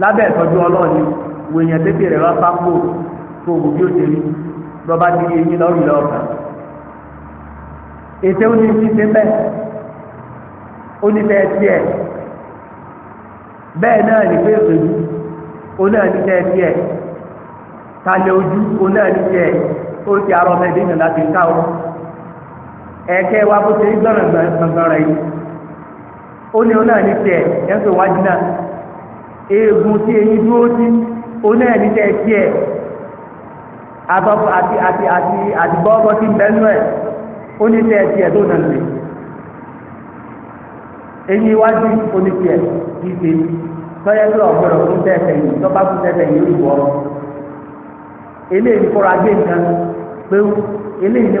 lábẹ́ ìtọ́jú ọlọ́run ni wò èèyàn tètè rẹ̀ wá pápó fún òwò bí ó ṣe rí lọ́ba ti rí eyín lọ́rùn lọ́ọ̀kan ètè ó ní ti ṣe bẹ́ẹ̀ ó ní tẹ́ ẹ tiẹ̀ bẹ́ẹ̀ náà ní pé èpè yìí ó náà ní tẹ́ ẹ tiẹ̀ kalẹ̀ ojú ó náà ní tiẹ̀ ó ti arọ́ mẹ́rin náà láti ká o. ẹ̀kẹ́ wa bó ṣe ń gbọ́nà yìí ó ní ọ náà ní ẹ̀ wájú náà tí eyín dúró sí ó náà ní àti àti àti tí ń bẹ́nu ẹ̀ ó ní tó nà lè eyín iwájú ó ní tiẹ̀ kì ṣe tọ́yẹ́ tó fún tẹ́tẹ̀ yìí fún tẹ́tẹ̀ yìí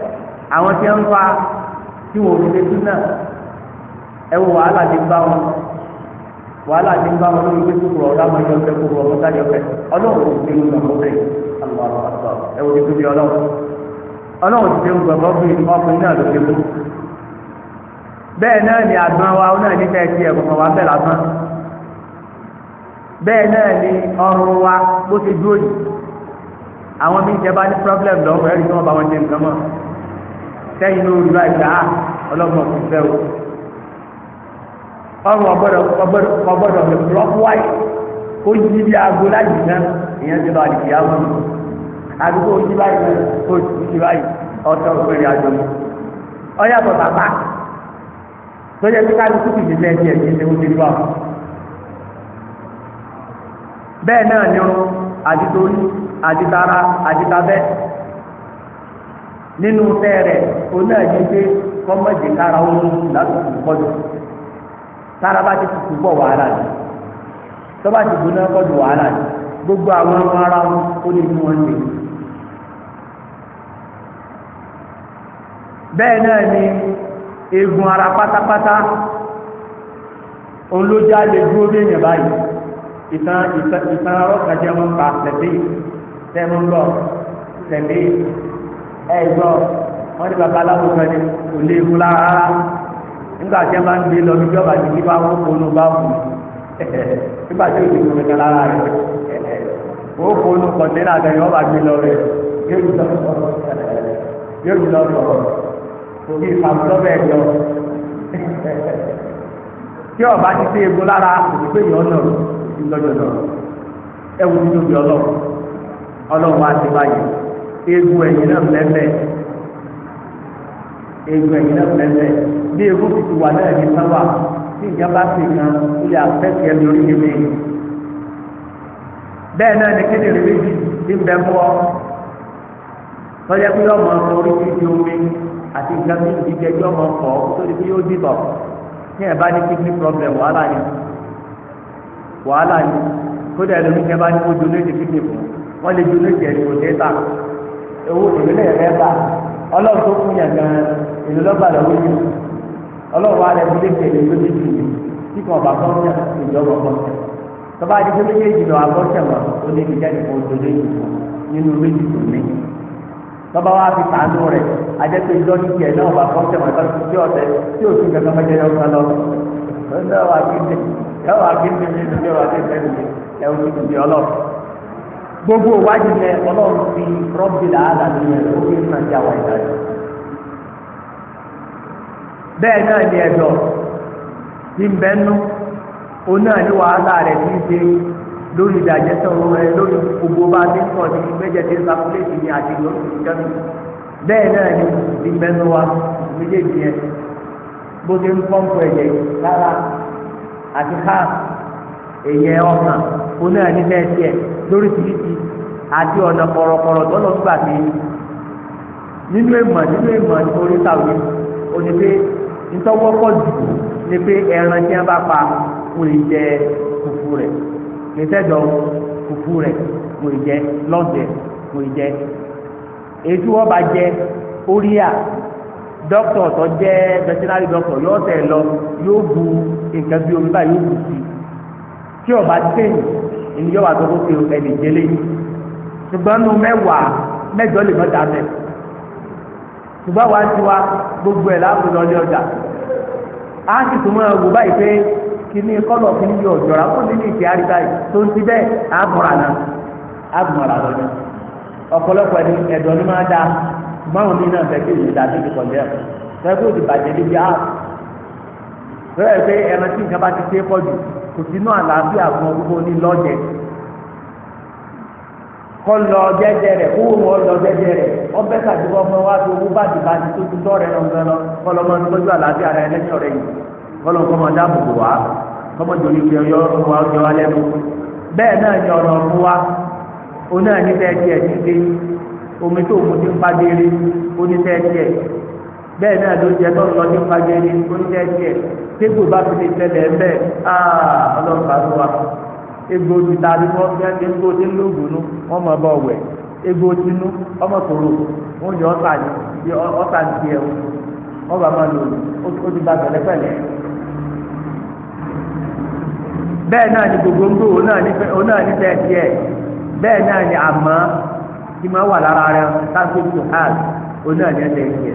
àwọn tí wọ́n ń fa tí wọ́n fi lé súnà ẹ wo wàhálà ti ń bá wọn wàhálà ti ń bá wọn lórí pé kúkúrọ̀ ọ̀dà máa yọ ọ̀fẹ́ kúkúrọ̀ ọ̀dà yọ ọ̀fẹ́ ọlọ́run ò ti ń gbà wọ́n bẹ́ẹ̀ ẹ wo ti tóbi ọlọ́run ọlọ́run ti ń gbà wọ́n bẹ́ẹ̀ ọkùnrin náà ló ti mú bẹ́ẹ̀ náà ni àgbọn wa náà ní fẹ́ẹ́ ti ẹ̀kọ́ wa bẹ́ẹ̀ lásán bẹ́ẹ̀ náà ni ọrùn wa bó ti dúró yìí àwọn bí ìjẹba ní pírọ́blẹ̀mù lọ́wọ́ ẹ̀rí tí wọ́n bá wọn ṣe nǹkan mọ́ sẹ́yìn ló rí báyìí dáa ah, ọlọ́mọ kò fẹ́ o ọrùn ọgbọ́dọ̀ mi lọ́pù wáyé kó yí bí aago láyé náà ìyẹn ti lọ àdìgbì àwọn mi àdúgbò yí báyìí kó yí báyìí ọ̀tọ̀ òpèrè àjọ mi ọ̀yàtọ̀ bàbá tó yẹ kí ní ewu ti bẹ́ẹ̀ náà ni ó nínú tẹ́rẹ̀ oní àyíké kọ́mọ̀jì kára ó ń lásìkò kọjú tára bá ti tutù bọ̀ wàhálà ni tọ́ba ti gbóná kọjú wàhálà ni gbogbo àwọn ọmọ ara wọn ó lè mú wọn lè. ni ara pátápátá òun lè dúró déyìn báyìí ìtàn ìtàn ìtàn pa tẹ̀lé ẹ gbọ́ wọ́n ní babaláwo kan ní kò lè mú nígbà tí wọ́n bá ń gbé lọ ọba ti ní bá wọ́n kónú bá wù nígbà tí òsì kò kẹ̀kẹ́ lára rẹ̀ ó kónú kọ̀ǹtẹ́nà kan ní gbé lọ rẹ̀ yóò tí ọba ti tẹ egbò egun ẹ̀yìn náà lẹ́lẹ̀ egun ẹ̀yìn náà lẹ́lẹ̀ bí egun ti ti wà náà ní sábà tí ìjọba ti kan ó lè àfẹ́kẹ́ ẹ̀ lórí kébé bẹ́ẹ̀ náà ni kéde rẹ̀ méjì ti ń bẹ fún ọ tọ́jà pé ọmọ ọmọ orí ti di omi àti nǹkan tó ti jẹ kí ọmọ kọ̀ ọ́ tó di pé yóò dìbọ̀ kí ẹ̀ bá ní kidney problem wàhálà ni wàhálà ni kódà ẹ̀ lómi kí ẹ bá ní kó donate kidney fún wọ́n lè donate ẹ̀ ní kò dé tà owó èlò náà yẹn bá ọlọ́run tó fún yàn gan èlò lọ́ba lọ́wọ́ yìí ọlọ́run wa rẹ̀ fún lébi èlò tó ti tì mí tí kò bá fọ́n yàn ìjọba fọ́n yàn tọ́ba àti tó méjèèjì lọ abọ́ tẹ̀wọ̀ ó lé mi jáde fún òdodo yìí nínú méjì tó ní tọ́ba wa fi tàánú rẹ̀ ajẹ́pẹ́ ìjọ́ni tiẹ̀ náà bá fọ́n tẹ̀wọ̀ tó ọ̀tẹ̀ tí òfin kankan gbogbo wájú yẹn ọlọ́run fi rọ́bì làálà ní ẹ̀ ó fi máa di àwọn ìdájọ́. bẹ́ẹ̀ náà ni ẹ̀dọ̀ ti ń bẹ́nu o náà ní wàhálà rẹ̀ ti ṣe lórí ìdájẹ́ sọ̀rọ̀ rẹ̀ lórí gbogbo bá ti sọ̀ ní méjèèjì tí ń sàkúlẹ̀tì ní àti lórí ìjọ́mi. bẹ́ẹ̀ náà ni ti ń bẹ́nu wa méjèèjì yẹn bó ti ń pọ́ǹpù ẹ̀jẹ̀ lára àti ká èyẹ ọkàn òun náà ní mẹ́ẹ̀ẹ́sì ẹ̀ lóríṣiríṣi àti ọ̀nà kọ̀rọ̀kọ̀rọ̀ tó lọ́n gbà mí nínú ìmọ̀ nínú ìmọ̀ orí sàwé ó ní pé ntọ́wọ́pọ̀ jù ní pé ẹran tí wọ́n bá pa kò lè jẹ fùfú rẹ̀ kì í sẹ́dọ̀ fùfú rẹ̀ kò lè jẹ lọ́sẹ̀ kò lè jẹ èyí tí wọ́n bá jẹ orí à dókítà tó jẹ́ veterinary doctor yóò tẹ̀ lọ yóò bu nǹkan bí omi báyìí yóò bu sí tí ọba tẹ̀yìn èmi yọ wà tó kó fi ẹnì jẹlé yìí ṣùgbọ́n nu mẹ́wàá mẹ́jọ lè mọ́ta mẹ́ ṣùgbọ́n wàá ti wa gbogbo ẹ̀ láàbù lọ lé ọjà á sì tún mọ́ ọgbọ báyìí pé kíní kọ́lọ̀ kíní yọ ọ̀jọ̀ra kó nínú ìṣe àríkà yìí tó ń ti bẹ́ẹ̀ àbùrà náà àbùmọ̀ra lọ ni ọ̀pọ̀lọpọ̀ ẹni ẹ̀dọ̀ ni máa da márùn ní náà bẹ́ẹ̀ kí èyí dàbí ìkọ̀lẹ́ ẹ̀ fẹ́ẹ́ kó ti bàjẹ́ níbi áàpù bẹ́ẹ̀ pé ẹran tí nǹkan ti ṣe é pọ̀ jù kò sínú àlàáfíà fún ọgbogbo ní lọ́jẹ̀ kọ́ lọ jẹ́jẹ́ rẹ̀ kó wọ́n lọ jẹ́jẹ́ rẹ̀ ọbẹ̀ kàdúgbò wa tó bá ti tó ti rẹ̀ lọ́nà lọ kọ́ àlàáfíà rẹ̀ lẹ́yìn ọ̀rẹ́ yìí máa kọ́mọ jòlì ọyọ́ wa bẹ́ẹ̀ náà ọ̀rọ̀ ọ̀rọ̀ wa oní tiẹ̀ ti dé omi tó mu tébù bá fi lè tẹlẹ ẹbẹ aa ló wà ta wọn fẹ egbò ti wọn mọ ọwẹ egbò ti ọmọ tòrò wọn yọ ọta ni ọta ni tiẹ o wọn bá máa lò ó ti ba bẹ́ẹ̀ náà ni gbogbo ń gbò ó náà bẹ́ẹ̀ náà ni àmọ́ tí máa wà lára rẹ hàn ó náà ní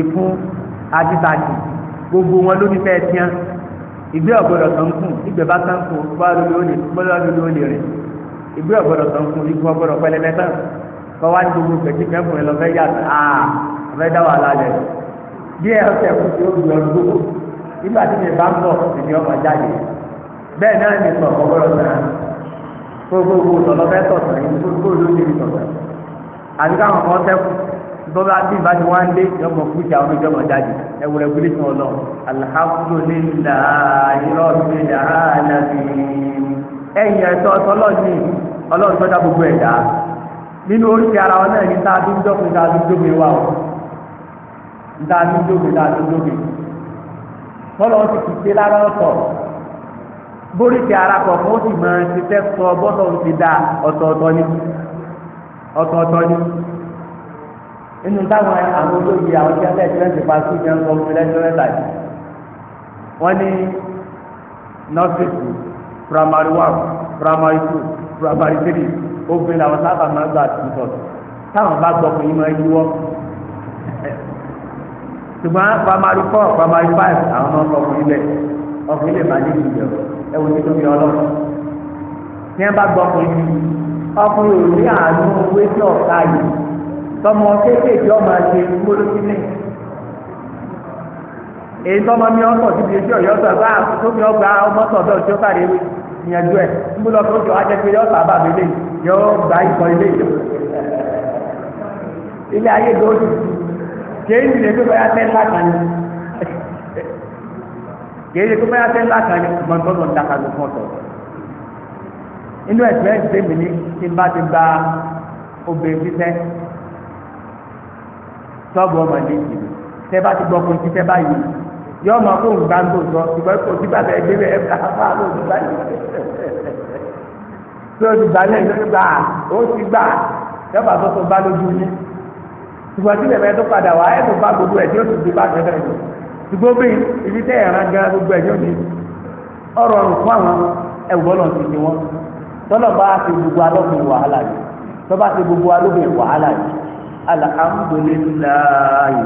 ìfún gbogbo wọn ló ní fẹ́ẹ́ tiẹ́ ìgbé ọ̀gbọ́dọ̀ kan kù ìgbé bá kan kù bá lórí ó lè bọ́lá lórí ó lè rìn ìgbé ọ̀gbọ́dọ̀ kan kù ìgbé ọ̀gbọ́dọ̀ pẹlẹbẹ tán kọ́ wá ní gbogbo pẹ̀tí kẹ́kùnrin lọ fẹ́ yà á fẹ́ dá wà lálẹ́ bí ẹ ọ̀sẹ̀ kù tí ó gbé ọdún gbogbo nígbà tí mi bá ń bọ̀ èmi ọmọ jáde bẹ́ẹ̀ náà ní sọ ọ̀gbọ́dọ̀ sàn gbogbogbò tọ̀lọ́fẹ́ tọ̀tọ̀ bọ́lá bí ìbá ti wá ń dé yọmọ fújà ọmọ ìjọba jáde ẹ wọlé alihamudulilayi rabbil alamin ẹ̀yìn ẹ̀tọ́ ọlọ́ọ̀ni ọlọ́ọ̀ni tọ́jà gbogbo ara wọn náà ní a ti dọ́kun wa nínú táwọn àwọn olóyè àwọn tí wọn fẹẹ tí wọn ti pa sí ìjọ ń sọ fún ẹlẹgbẹrẹ láti wọn ní nursery primary one primary two primary three obìnrin làwọn sábà máa ń gbà tìtọ táwọn bá gbọ́ pé yín máa yíwọ ṣùgbọ́n primary four primary five àwọn máa ń gbọ́ pé yín bẹ ọkùnrin lè máa ní ìjọ ẹ wò ní tóbi Ọlọ́run tí wọn bá gbọ́ pé yín ọkùnrin ò rí àánú owó tí ọ̀ka tọmọ kéékèèké ọmọ àti gbólókílé èyí tọmọ mi ọtọ síbi etí ọyọ ọtọ bá tóbi ọgbà ọmọ tọdọ tí ó kàrí ewé ìyànjú ẹ ńgbọdọ tó jọ ajẹ pé ọtọ àbàbí lè yọ gba ìkọ ilé ìjọ ilé ayé kéé ní ilé kéé ní inú ní tí n bá ti gba obìnrin sọ́ọ̀bù ọmọdé yìí tẹ́ bá ti gbọ́ pé títẹ́ báyìí yọ ọmọ kó ń gbá ń bò sọ ìgbà kò sí bàbá ẹgbẹ́ rẹ̀ ẹ̀ka fà ló ń gbá yìí tó o ti gbà náà ló ń gbà ó ti gbà yọba tó tó bá lójú yín ṣùgbọ́n tí bẹ̀rẹ̀ tó padà wá ẹ̀ tó bá gbogbo ẹ̀ tí ó ti di bá kẹ́kẹ́ rẹ̀ ṣùgbọ́n bí ibi tẹ́ ẹ̀ràn gan gbogbo ẹ̀ yóò ní ọ̀rọ̀ ọ̀rùn fún àwọn ẹ̀wọ́ lọ́n ti ṣe wọ́n tọ́lọ̀ bá ti gbogbo alọ́gbìn wàhálà yìí alhamdulilayi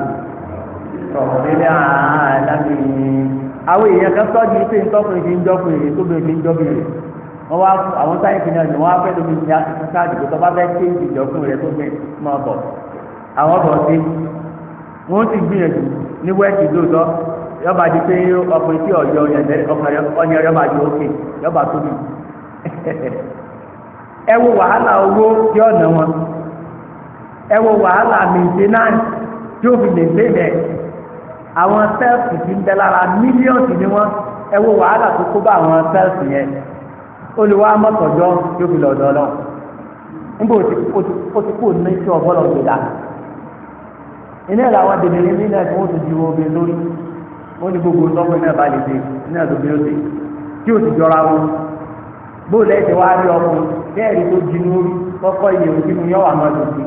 ọ̀rẹ́lẹ̀ àlámi. àwọn èèyàn kan sọ́jú pé ń tọ́kùnrin fi ń jọ́kùnrin rè tó bèrè fi ń jọ́kùnrin rè wá àwọn sáyẹ́ǹsì náà ni wọ́n á fẹ́ lómi ní aṣọ káàdì tó bá fẹ́ ṣe ìjọkùnrin rẹ tó máa bọ̀ àwọn bọ̀ sí ti gbìyànjú ní wẹ́ẹ̀sì lóòótọ́ yọba di pé ọkùnrin tí yọba di òkè yọba tóbi ẹ wo wàhálà owó tí ọ̀nà wọn ẹ wo wàhálà maintenance tí ó fi lè lé bẹ àwọn sẹ́ẹ̀sì ti ń bẹ lára mílíọ̀nù ni wọ́n ẹ wo wàhálà tó kó bá àwọn sẹ́ẹ̀sì yẹn olùwà mọ́tọ̀jọ́ tí ó fi lọ́dọ̀ lọ nígbà ó ti kú ní tí ọ̀bọ̀ lọ gbèdà iná ìlà àwọn dèmí ní nílẹ̀ tí wọ́n ti ju obìnrin lórí wọ́n ní gbogbo sọ́kùn náà bá lè dé nílẹ̀ tó bí ó dé tí ó ti jọra wọn bóòlù ẹ̀ ti wá rí ọkùnrin bẹ́ẹ̀ tó jinú kọ́kọ́ ìyẹ̀wò sínú yọ̀wà máa dòdì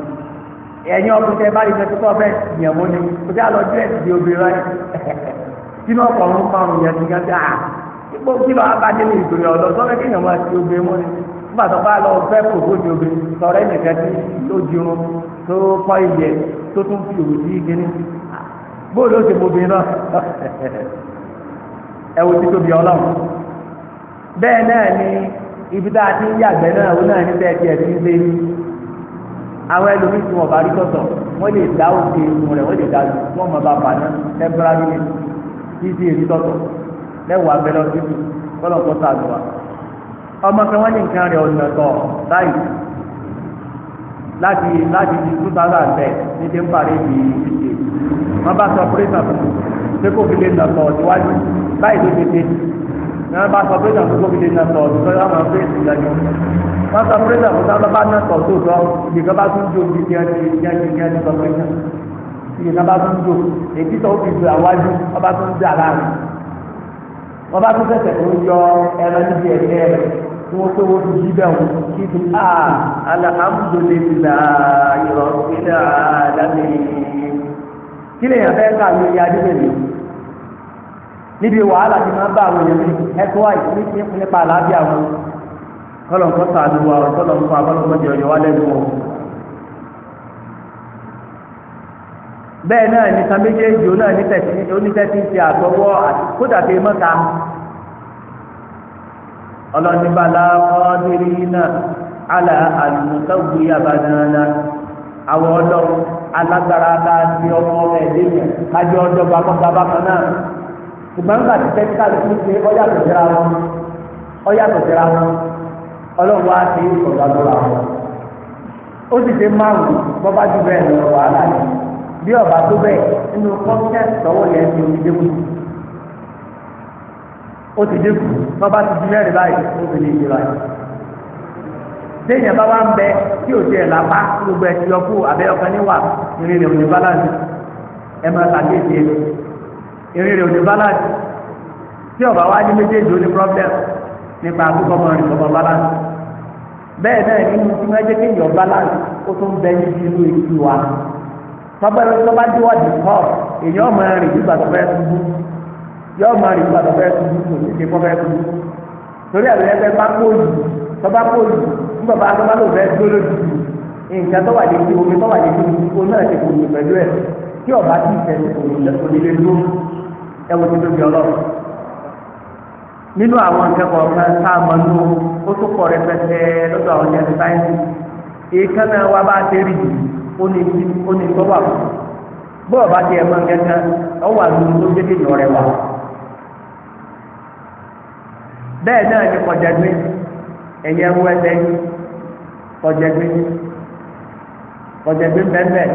ẹ̀yin ọdún tẹ bá lè fẹ́ tó fẹ́ ìyẹ̀wò ni kò sí àlọ́ jẹ́ ìdí obìnrin rẹ sínú ọkọ̀ ọ̀run yẹn ti kí bá dé ní ọ̀dọ́ kí àti obìnrin mọ́ ni nígbà tó bá lọ fẹ́ di obìnrin sọ̀rọ̀ tó kọ́ ìyẹ tó tún fi òwò sí igi ní bóòlù ó ibi tá a ti ń yàgbẹ́ náà ó náà àwọn ẹlòmíì tí wọn bá rí tọ̀tọ̀ wọ́n lè dá òkè inú rẹ̀ wọ́n lè dá wọ́n mọ̀ bá bàná tẹ́ḿpẹ́rárì ní títí èrí tọ̀tọ̀ lẹ́wọ̀ abẹ́lẹ́ ọ̀dúnjú kọ́lọ̀ kọ́ sá àdúrà ọmọ kan wọ́n ní nǹkan rẹ̀ ọ̀nà tọ̀ báyìí láti láti di two thousand ten ní ti ń parí di ìṣe wọ́n bá sọ pé sàkóso pé kò fi lè nà tọ̀ síwájú báyìí ló ti dé ní wọn bá sọ pé ìdàgbàsókè kó fi lè nà tọ̀ ọ̀dùn tó yàrá wọn fèsì lẹ́nu wọn sọ pé ìdàgbàsókè tó bá nà tọ̀ tó tọ̀ ìgbìkan bá tún jó ibi tí wọn ti yẹn ti yẹn ti sọ pé ìgbìkan bá tún jó èyí tó fi ju àwájú wọn bá tún dà láàrin wọn bá tún fẹsẹ̀ tó yọ ẹran níbi ẹ̀gbẹ́ rẹ̀ tí wọ́n pé wọ́n fi yí bẹ́ẹ̀ wọ́n kí ti a alhamdulilayi rọ̀ sílẹ̀ níbi wàhálà ti máa bá àwọn èèyàn ní ẹ̀kọ́ àìsí ní kí nípa àlàáfíà wọn kọlọ̀ nǹkan sàánú wa kọlọ̀ nǹkan abọ́lọ́gbọ́n jẹ ọ̀yọ́ wa lẹ́nu wọn. bẹ́ẹ̀ náà ní san méjèèjì òun náà ní tẹ̀sí ti àtọwọ́ kódà pé mọ́ta ọlọ́nibàlá ọ̀ọ́dẹ́rì náà àlà àlùmọ́tàwù yàbàdànà àwọn alágbára bá ti ṣùgbọ́n nígbà tí tẹ́tí kálukú ṣe ọ̀yàtọ̀ síra wọn ọ̀yàtọ̀ síra wọn ọlọ́run wá sí wọn. ó sì ṣe márùn-ún bọ́bá jù bẹ́ẹ̀ lọ bí tó bẹ́ẹ̀ nínú yẹn ti omi dé ó dé kù bọ́bá ti di mẹ́rin báyìí ó ti di ìlú báyìí. téèyàn bá wá ń bẹ tí ò tiẹ̀ lápá gbogbo ẹ̀ ti yọ kú àbẹ́ ọkàn níwà ìrìn òní eré rẹ̀ ò balance tí ọba wa ní méjèèjì ó problem nípa àkókò ọmọ rẹ̀ ọmọ balance bẹ́ẹ̀ náà nínú tí wọ́n jẹ́ kéèyàn balance ó tún bẹ níbi inú ètò wa tọ́gbẹ́rẹ́ tó bá dé wọ́ọ̀dì kọ́ èyàn ọmọ rìn nígbà tó fẹ́ ṣubú yọ ọmọ rìn nígbà tó fẹ́ ṣubú kò ní ṣe kọ́ fẹ́ ṣubú torí àwọn ẹgbẹ́ bá kóòlù tó bá kóòlù nígbà bá tó bá lò fẹ́ gbóló dùdù nǹkan tó wà létí omi tó wà létí omi náà ṣe kò ní pẹ̀lú ẹ̀ tí ọba ti ṣẹlẹ̀ kò ní lé dúró ẹwọ tó tóbi ọlọ́run nínú àwọn akẹ́kọ̀ọ́ kan tá ó tó pọ̀ rẹpẹtẹ lọ́dọ̀ àwọn ẹni wa bá ṣe jù ó ní ó ní tó wà fún bọ́ọ̀ ọ wà tó rẹ wà. bẹ́ẹ̀ náà ni ẹ̀yẹ ń wẹ́sẹ̀ bẹ́ẹ̀ bẹ́ẹ̀.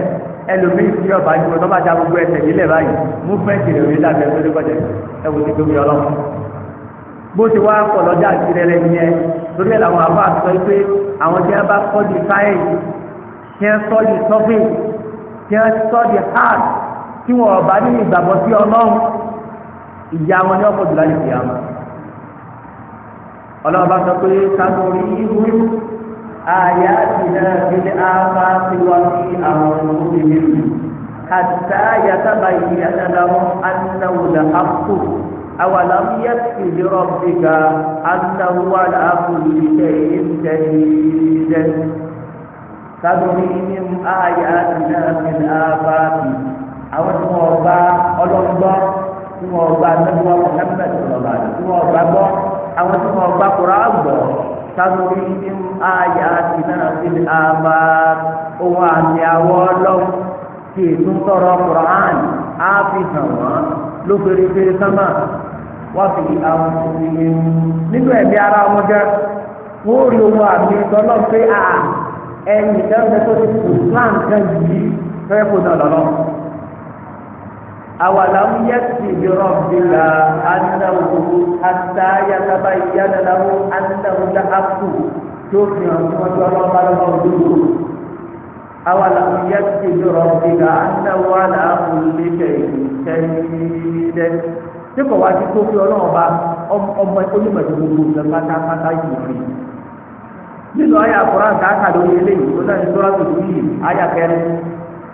ẹlòmíì tí ọba ju ọtọ́ bá da gbogbo ẹsẹ̀ yìí lẹ̀ báyìí mú fẹ́ǹsì rẹ̀ rí dàbẹ̀ tó lé kọjá ẹ wò ti tóbi ọlọ́run bó ti wá pọ̀ lọ́jà àtìrẹ́ rẹ̀ nìyẹn torí ẹ̀ làwọn àbá sọ pé àwọn tí wọ́n bá kọ́ di sáyẹ̀nsì tí wọ́n sọ di sọ́fìn tí wọ́n sọ di hard tí wọ́n ọba ní ìgbàgbọ́ sí ọlọ́run ìyá wọn ní ọkọ̀ jùlọ آياتنا في الآفاق وفي أنفسهم حتى يتبين لهم أنه الحق أولم يكف بربك أنه على كل شيء شهيد تدريهم آياتنا في الآفاق أو الموضع الأنبار الموضع النبوة محمد صلى الله عليه وسلم الموضع àwọn tí wọn gba kura gbọ sanurihim ayatina fil afaq ohun àmì àwọ̀ ọlọ́run tí ètò sọ̀rọ̀ Qur'an á fi hàn wọ́n ló fèrè fèrè sánmà wọ́n fi àwọn ìṣẹ̀lẹ̀ nínú ẹ̀mí ara wọn jẹ́ wọ́n rí ohun àmì ìtọ́lọ́run pé à ẹ̀yìn ìdáhùn tó ti kù plan yìí fẹ́ kó náà lọ́lọ́run. أولم يكفي بربك أنه حتى يتبين له أنه الحق شوفي ما شاء الله بالموجود أولم يكفي بربك أنه على كل شيء شهيد tí kò wá sí tó fi ọlọ́run bá ọmọ onímọ̀ tó gbogbo nǹkan pátápátá yìí rí nínú àyà àkùrá àti àkàlórí eléyìí tó náà ní tó rà tó yìí àyà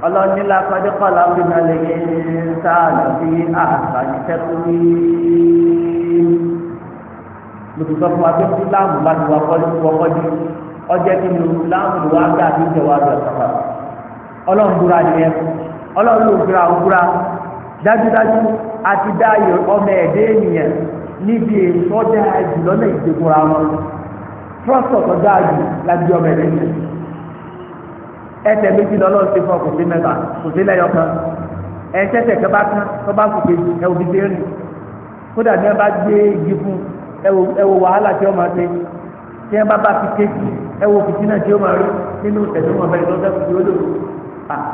ọlọ́ni lakọ́dé kọ́lá bínú lè sáànù sí àǹfààní tẹ́kùrí. lùtùtọ́ fún wa pé fúláàmù bá ti wà kọ́jú ọjọ́ kí ni fúláàmù ló búra ni ẹ ló ó dájúdájú dá ọmọ ẹ̀dẹ́ ènìyàn níbi ọjà ra dáa jù lábí ọmọ ẹ̀dẹ́ ènìyàn. ẹsẹ̀ méjì lọ́lọ́ ti fún ọkùnrin mẹ́ta kò sí lẹ́yọ kan ẹ̀ẹ́dẹ́sẹ̀ kẹba kan tó bá kù kejì ẹ̀wò bíbí rìn kódà ní ẹ bá gbé igi fún ẹ̀wò wàhálà tí ó máa ṣe tí ẹ bá bá fi kéjì ẹ̀wò fìtínà tí ó máa rí nínú ẹ̀sìn wọn bẹ̀rẹ̀ lọ́sẹ̀ fi ó lò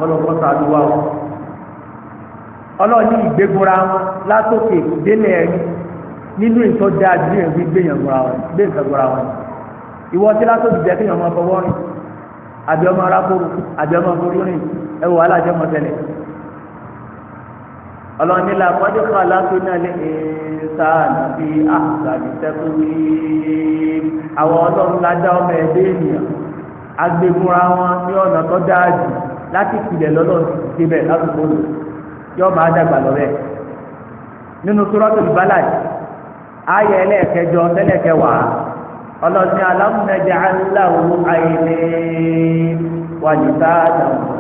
ọlọ́kọ́ sàánú wa o ọlọ́ọ̀ni ìgbégunra wọn látòkè délẹ̀ ẹ̀rí nínú ìtọ́jà àdúgbò ẹ̀rí gbé ìyàngunra wọn gbé ìtọ́gbọ̀ra wọn ìwọ tí látòkè jẹ́ kéèyàn máa fọwọ́ rìn àbí ọmọ arákòrò àbí ọmọ borírin ẹ wò wàhálà jẹ́ mọ́tẹ́lẹ̀ ọlọ́nìlà kọ́dé kan alákùnrin lè sáànù bí àgbàdì sẹ́kù rí àwọn ọmọ ẹ̀dẹ́ ènìyàn agbègbúra wọn ní ọ̀nà tó dáa jù láti ìpìlẹ̀ lọ́lọ́ débẹ̀ lásìkò yóò máa dàgbà lọ́rẹ́ nínú sọ́rọ́tò ìbálàjì ayẹyẹ tẹ́lẹ̀kẹwàá. ọlọ́ni alámúnẹ̀jẹ̀ aláwọ̀ àìní wàjúbá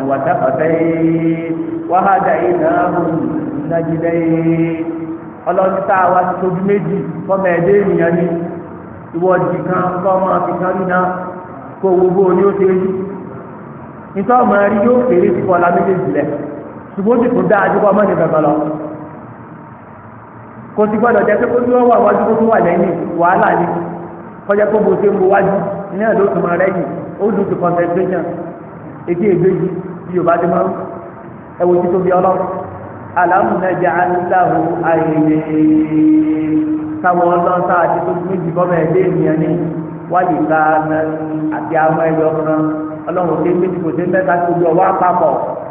wàtàkọ̀tẹ́ wàhádà ìdáhùn nàjídẹ́ ọlọ́ni tá a wá tóbi méjì fọmọ ẹ̀dẹ́ ènìyàn ni ìwọ́dì kan fọmọ akíkan nínà kó gbogbo ní ó ṣe rí nítorí ọmọ rí yóò fèrè sí kọlá méjèèjì lẹ ṣùgbọ́n ti tún dáa dúpọ̀ mọ́ni bẹ̀rẹ̀ lọ kò sí gbọ́dọ̀ jẹ́ pé kó tí wọ́n wà wájú kó tó wà lẹ́yìn wàhálà ni kọjá kó bó ṣe ń bo wájú iná ló tún máa rẹ́yìn ó dùn ti concentration etí ègbéjì bí yorùbá ti máa ń ẹwọ títí omi ọlọ́run alámùnájà aláwo àyèyè táwọn ọlọ́run tá ti tó méjì bọ́mọ ẹ̀ léèyàn ní wáyé ká àti àwọn ẹyọ kan ọlọ́run ṣe méjì kò ṣe mẹ́ta tó lọ wá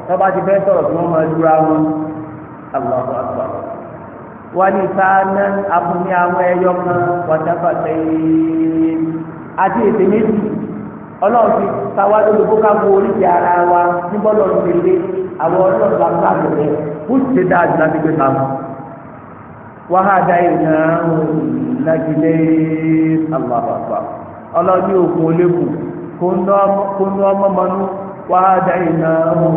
tọ́ba ti fẹ́ sọ̀rọ̀ tí wọ́n máa dúra wọn. wọ́n ní sáánà abúlé àwọn ẹyọ kan pọ̀tẹ́pọ̀tẹ́ àti ètè méjì ọlọ́run ti ká oríṣi ara wa ní nílé àwọn ọlọ́run bá bẹ̀rẹ̀ ó ṣe dáa jù láti gbé ta mọ́. wàhádà ìnáwó òkun olébù kó ń lọ́ wàhádà ìnáwó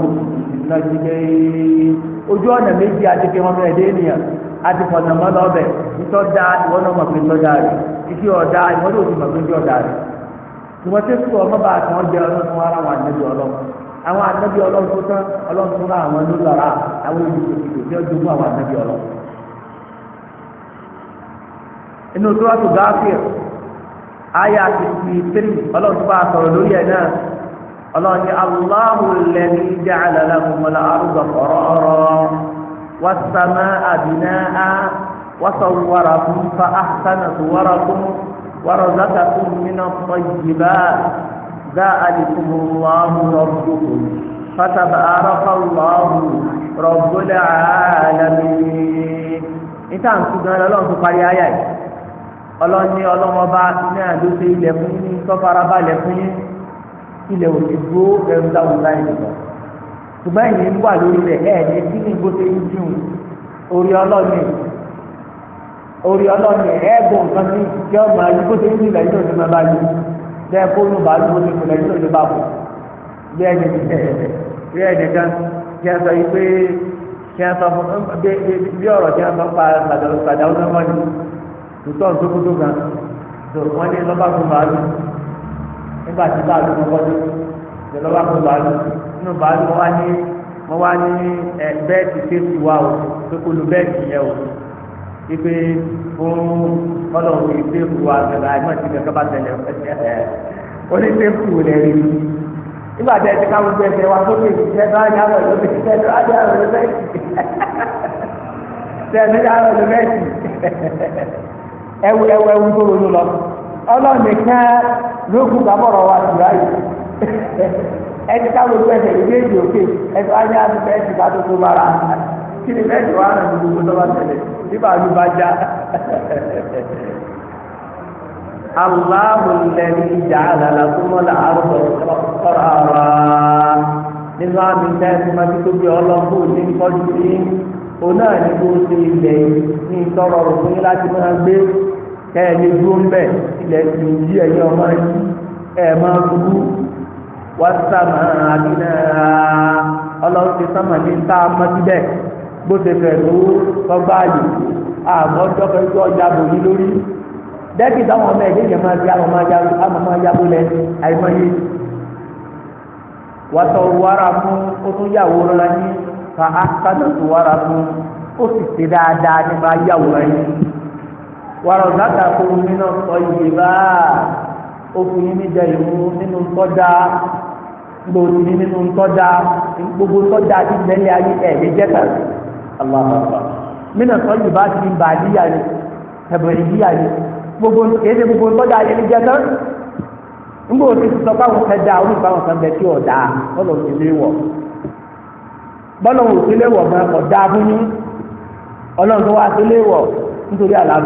ojú ọ̀nà méjì àti fi hàn ẹ̀dẹ́ ènìyàn àti fọ̀nà mọ́nà ọbẹ̀ ìtọ́ da ìwọ náà mọ̀ pé ìtọ́ da rẹ̀ ìfi ọ̀dà ìwọ náà òsì mọ̀ pé ìtọ́ da rẹ̀ tùmọ̀ tí kú ọmọ bá kàn jẹ ọlọ́run ara ọlọ́run àwọn ọlọ́run tó tán ọlọ́run tó rà àwọn àwọn tó ọlọ́run ọlọ́ọ̀ni aláhùn lẹ́ni jẹ́ àlàlà mọ̀mọ́lá arúgbó ọ̀rọ̀ọ̀rọ̀ wàsánà àbínà á wàsánwara fún fa àhánà tó wàrà fún wàrà zaka fún mìíràn fọyìnbá dá àdìkùnmù wàhù rọ̀bùkù fataba arákàlọ́hù rọ̀bùlẹ̀ àlàmì. níta nkú gan lọ́lọ́run tó parí ayá yìí ọlọ́ọ̀ni ọlọ́mọba ní àdóso ilẹ̀ fún yín tó farabalẹ̀ fún yín. ilẹ̀ òsì dúró ẹ̀rù dáhùn láì lọ. ṣùgbọ́n ẹ̀yìn ń wà lórí rẹ̀ ẹ̀ ní kí ni bó ń dùn orí ọlọ́ọ̀ni orí ọlọ́ọ̀ni ẹ̀ẹ́gbọ̀n nǹkan ní kí ọmọ ayé bó ń dùn lẹ́yìn òní máa bá yí bẹ́ẹ̀ kó nù bá nígbà tí báàlú mo wọlé ìjọba wa kó báàlú nínú báàlú mo wá ní mo wá ní ẹ bẹ́ẹ̀tì tẹ́sí wa o pé kó lu bẹ́ẹ̀tì yẹ o ipe fún ọlọ́run yìí tẹ́sí wa gbẹ̀gbẹ̀ àìmọ̀ ti gbẹ̀gbẹ̀ bá tẹ̀lé ẹ̀ ó ní tẹ́sí wò lẹ́rí nígbà tí ẹ ti káwọn gbé wa sókè ìṣiṣẹ́ bá tó á jà wọ̀ lóbi ìṣiṣẹ́ tó á jà wọ̀ lóbi ìṣiṣẹ́ ẹwu ẹwu ẹwu tó ronú lọ. ọlọ́nìkan ló kú gbàbọ̀rọ̀ wa jù láyé ẹni táwọn olùkẹ́sẹ̀ ìbéèjì òkè ẹ̀sọ́ ayé bá tó tó bára kí ni rẹ̀ ní gbogbo tọ́ba tẹ̀lé nígbà ló bá já. ìjà àlàlà tó mọ́ àrùbọ̀ nínú àmì máa ti tóbi ní kọ́jú sí òun náà ní kó kẹ́ ẹ dúró ń bẹ̀ ilẹ̀ ti ń yí ẹ̀yìn ọmọ yìí ẹ̀ máa burú wá sàmà àbínà ọlọ́run ti sàmà ní a bó ṣe fẹ̀ tó tọ́gbà yìí àmọ́ tó ọjà bò yí lórí dẹ́kì táwọn ọmọ yẹn máa di àwọn lẹ àìmọye wàrà fún yàwó wàrà ọ̀gáta kó omi náà sọ iye báà òkú yín ní jẹ̀yìnmú nínú ńtọ́jà gbòòtì ní nínú ńtọ́jà gbogbo ti ayé ẹ̀ jẹ́ta aláàbàbà mínà sọ iye báà ti ń bà níyà ni ẹ̀bùn gbogbo gbogbo ayé jẹ́ta tí sọ fẹ́ da kan bẹ ọ̀dà bọ́lọ̀ òsèlè wọ̀ bọ́lọ̀ òsèlè wọ̀ gan ọ̀dà ọlọ́run tó wá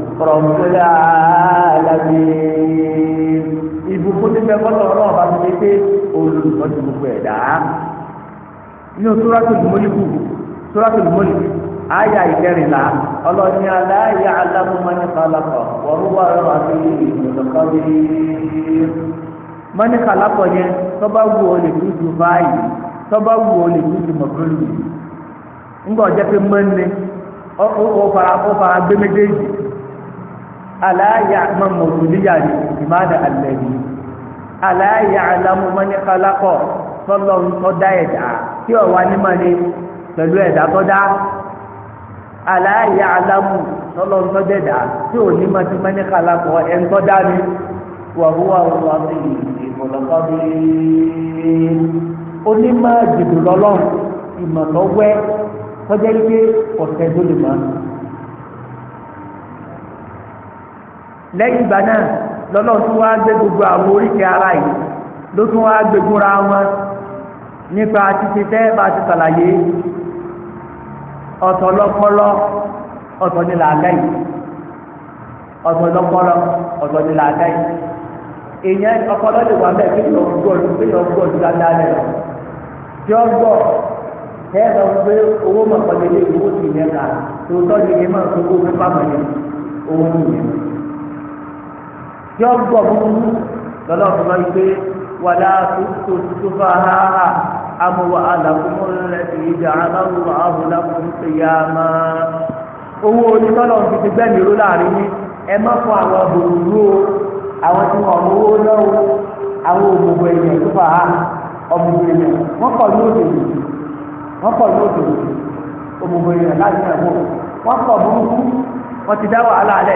Rabbul alamin. Ìbùkún ti fẹ́ kọ́tọ̀ ọlọ́run bá ti ṣe pé olùkọ́jú gbogbo ẹ̀dá. Inú Suratul Mulku Suratul Mulku àyà ìkẹrìnlá ọlọ́ni aláyà alámúmọ́ni kàlákọ̀ wọ́rúwà rọ̀ àti ìdùnnàkọ́bí. Mọ́ni kàlákọ̀ yẹn tọ́ba wù ọ fara aláyà man mọ̀tòlíyà ni ìmáàdà àlẹ́bí aláyà alámúmọ́ni kálákọ̀ tọ́lọ́ tọ́dá ẹ̀dá tí ọ̀wá nímọ̀ ni pẹ̀lú ẹ̀dá tọ́dá aláyà alámú tọ́lọ́ tọ́dá ẹ̀dá tí ò nímọ̀ tí mọ́ni kálákọ̀ ẹ̀ ń tọ́dá ni wàhúwà wà sí ìmọ̀lọ́kọ́ bí onímọ̀ jìbìlọ́lọ́ ìmọ̀lọ́wẹ́ tọ́jẹ́ pé ọ̀sẹ̀ tó lè máa lẹ́yìn ìgbà náà lọ́lọ́ tún wá gbé gbogbo àwọn oríkèé ara yìí ló tún wá gbé gbóra wọn nípa títí tẹ́ bá ti sàlàyé ọ̀tọ̀ lọ́pọlọ ọ̀tọ̀ ni làákàyè ọ̀tọ̀ ọ̀tọ̀ ni èèyàn lè wà bẹ́ẹ̀ kí kí dáadáa tí ọ gbọ́ tẹ́ ẹ sọ owó owó yẹn kà tòótọ́ ni máa owó tí ó gbọ̀ mú lọ́lọ́ fún wa pé wàlá tó tó fà á amúwa alákòmọ́ rẹ̀ kì í jà aláwọ̀ ma na owó onítọ́lọ̀ ti ti ró láàrin yín ẹ má àwọn àwọn tí wọn ò lọ́wọ́ àwọn tó fà ní òde yìí ní òde yìí láti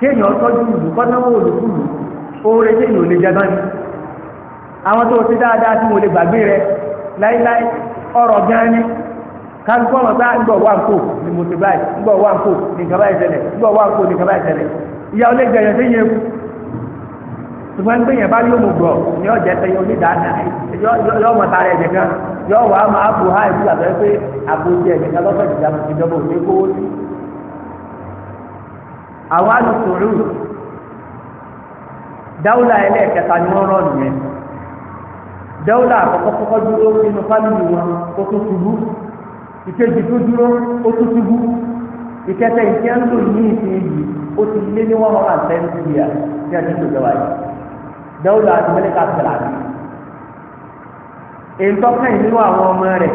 kéèyàn tọ́jú ìlú kọ́náwó olùkúlù oore tí ìlú lè jẹ náà àwọn tó ti dáadáa tí mo lè gbàgbé rẹ láíláí ọrọ gan ni kálukú ọmọ bá ah, ń gbọ wá ń kó ni mo ti báyìí ń gbọ wá ń ni kaba ń wá ń kaba ìyá olè sí yẹn kú ṣùgbọ́n ń bá yóò mú gbọ̀ yóò yóò mọ̀ ẹ̀jẹ̀ kan yóò wà á máa àwọn alùpùpù dáwùlà ẹlẹ́ẹ̀kẹta ni wọ́n rọ̀ nìyẹn dáwùlà àkọ́kọ́ kọ́kọ́ dúró nínú fámìlì wọn ó tún ṣubú ìkejì tó dúró ó tún ṣubú ìkẹtẹ ìkẹ́ ń lò ní ìsìn yìí ó ti lé ní one hundred and ten years ní ẹni tó jọba yìí dáwùlà àti mẹ́lẹ́kà tẹ̀lá bí. èyí tọ́kàn àwọn ọmọ rẹ̀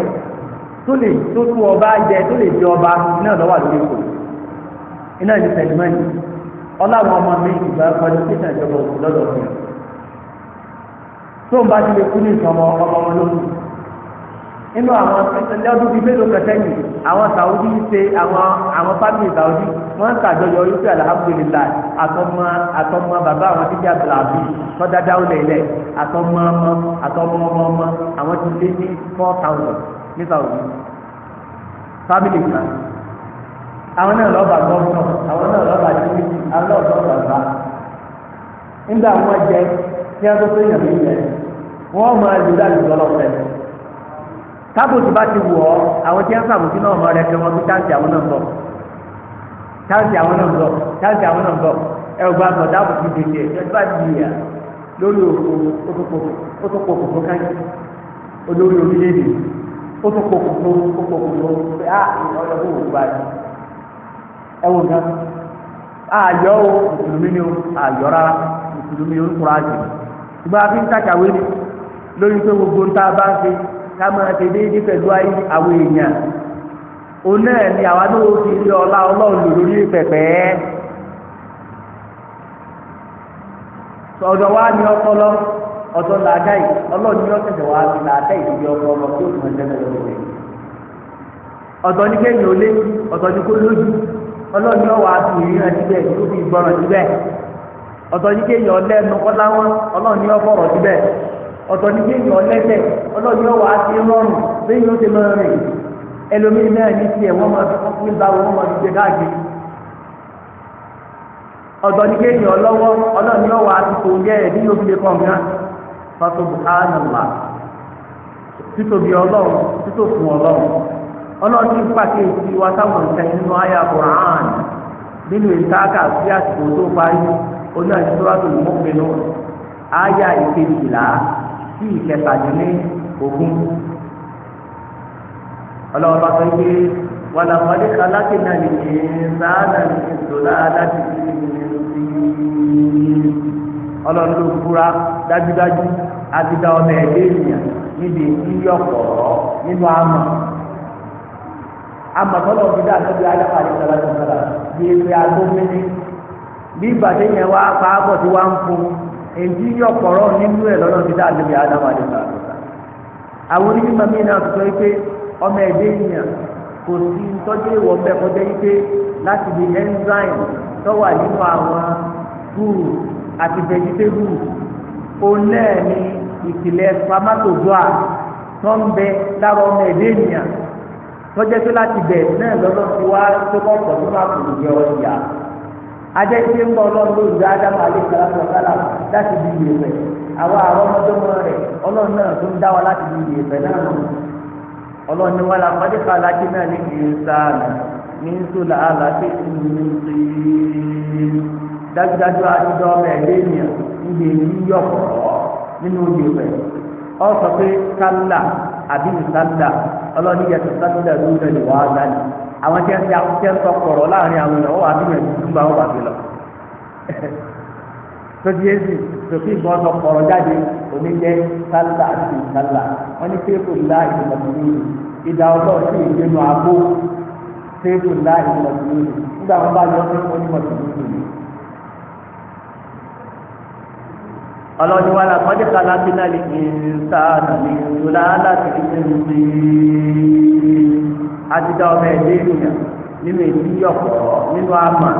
tó lè tó tú ọba jẹ tó lè di ọba náà lọ́wọ́ àdúgbò iná ní sẹ̀lìmánì ọláwọn ọmọ mi ìgbà kọlifíṣàn ìjọba òkú lọ́dọ̀ mi tó ń bá ti lè kú ní ìsọmọ ọmọ ọmọ lóhùn inú àwọn lọ́dún bíi mélòó kẹtẹ́yìn àwọn sàwùdí ṣe àwọn àwọn fámìlì sàwùdí wọ́n ń sàjọyọ̀ yusuf alhamdulilayi àtọmọ àtọmọ bàbá àwọn títí abdulhabi tọ́dájà ọ̀lẹ̀ ilẹ̀ àtọmọ ọmọ àtọmọ ọmọ ọmọ àwọn ti lé ní four thousand ní sàwùdí fámìlì kan. àwọn náà lọ́ba gọ́ọ̀nà àwọn náà lọ́ba jíjìtì àwọn náà nígbà wọn jẹ kí wọn tó tó yàn mí yẹn wọn máa lò bá ti wọ̀ ọ́ àwọn tí wọn fàbòtì náà máa rẹ pé wọn fi táǹtì àwọn náà bọ̀ táǹtì àwọn náà bọ̀ táǹtì àwọn náà bọ̀ bá lórí òkòkò ẹwọ gan ààyọ o mùsùlùmí ni o ààyọ rárá mùsùlùmí orúkọ àjẹ ìgbà fi ń tàkàwé ni lórí pé gbogbo ń a bá ń ṣe ká máa ṣe déédéé pẹ̀lú àwọn èèyàn ni àwa náà ó fi rí ọlá ọlọ́run lò lórí pẹ̀pẹ́ ọ̀dọ̀ wa ni ọpọlọ ọ̀dọ̀ làákàyè ọlọ́run ni ọ̀sẹ̀sẹ̀ wa ti tí ó ni kéèyàn ó ọlọ́ọ̀ni ọ̀wà àti ìrìnà síbẹ̀ tó fi gbọ́ràn síbẹ̀ ọ̀tọ̀ ní kéèyàn lẹ́nu kọ́láwọ́n ọlọ́ọ̀ni síbẹ̀ kéèyàn ọlọ́ọ̀ni àti ó ti máa rìn ẹlòmíín náà ní tiẹ̀ wọ́n máa fi ọlọ́run ti pàṣẹ ìsì wa sáwọn nǹkan nínú àyà Qur'an nínú ìtaaka sí àsìkò tó parí oní àṣìṣọ́wọ́sọ ló mọ̀ pinnu àyà ìkejìlá sí ìkẹtàdínlẹ́ ogún ọlọ́run bá sọ pé wàlà pàdé kalákì náà lè ṣe sáánà ní ìṣòlá láti fi ọlọ́run ló fura dájúdájú àti dá ọmọ ẹ̀dẹ́ ènìyàn níbi yíyọ̀pọ̀ nínú àmọ̀. amatọlọ fi dáa tóbi adama ní sọlọtọ sọlọ bí ebi agbófinni bí ìbàdí yẹn wá pàápọ̀ tí wá ń fún èyí yọ pọ̀rọ̀ nínú ẹ̀ lọ́nà fi dáa tóbi adama ní sọlọtọ sọlọ. àwọn onímọ̀ mi náà sọ pé ọmọ di enzyme nínú àwọn àti vegetable náà ní ìpìlẹ̀ ń bẹ tọ́jẹ́ pé láti bẹ̀ náà lọ́dọ̀ ti wá tó kọ́ pọ̀ nínú jẹ ọ̀yà ajẹ́ ń bọ̀ ọlọ́run ádámù láti di àwọn àwọn rẹ̀ ọlọ́run náà tó ń dá wa láti di la pàdé náà ní ìlú dájúdájú ń ọ sọ pé kálá àbí ìsálà ọlọ́ni yẹtù sálà lórí ẹ̀ wá dání àwọn tí wọ́n ti ń sọ láàrin àwọn èèyàn wọ́n wà bí yẹn bá wọ́n wà lọ. èsì ìbọn jáde òní jẹ́ àti wọ́n ní ńlá ìdá ọlọ́ni wa la kọ́jú kan láti náà lè ní sáànà ní ìtura láti fi ṣe ń bí ọmọ ẹ̀dẹ́ ènìyàn nínú èdè yọ̀pọ̀ nínú àmà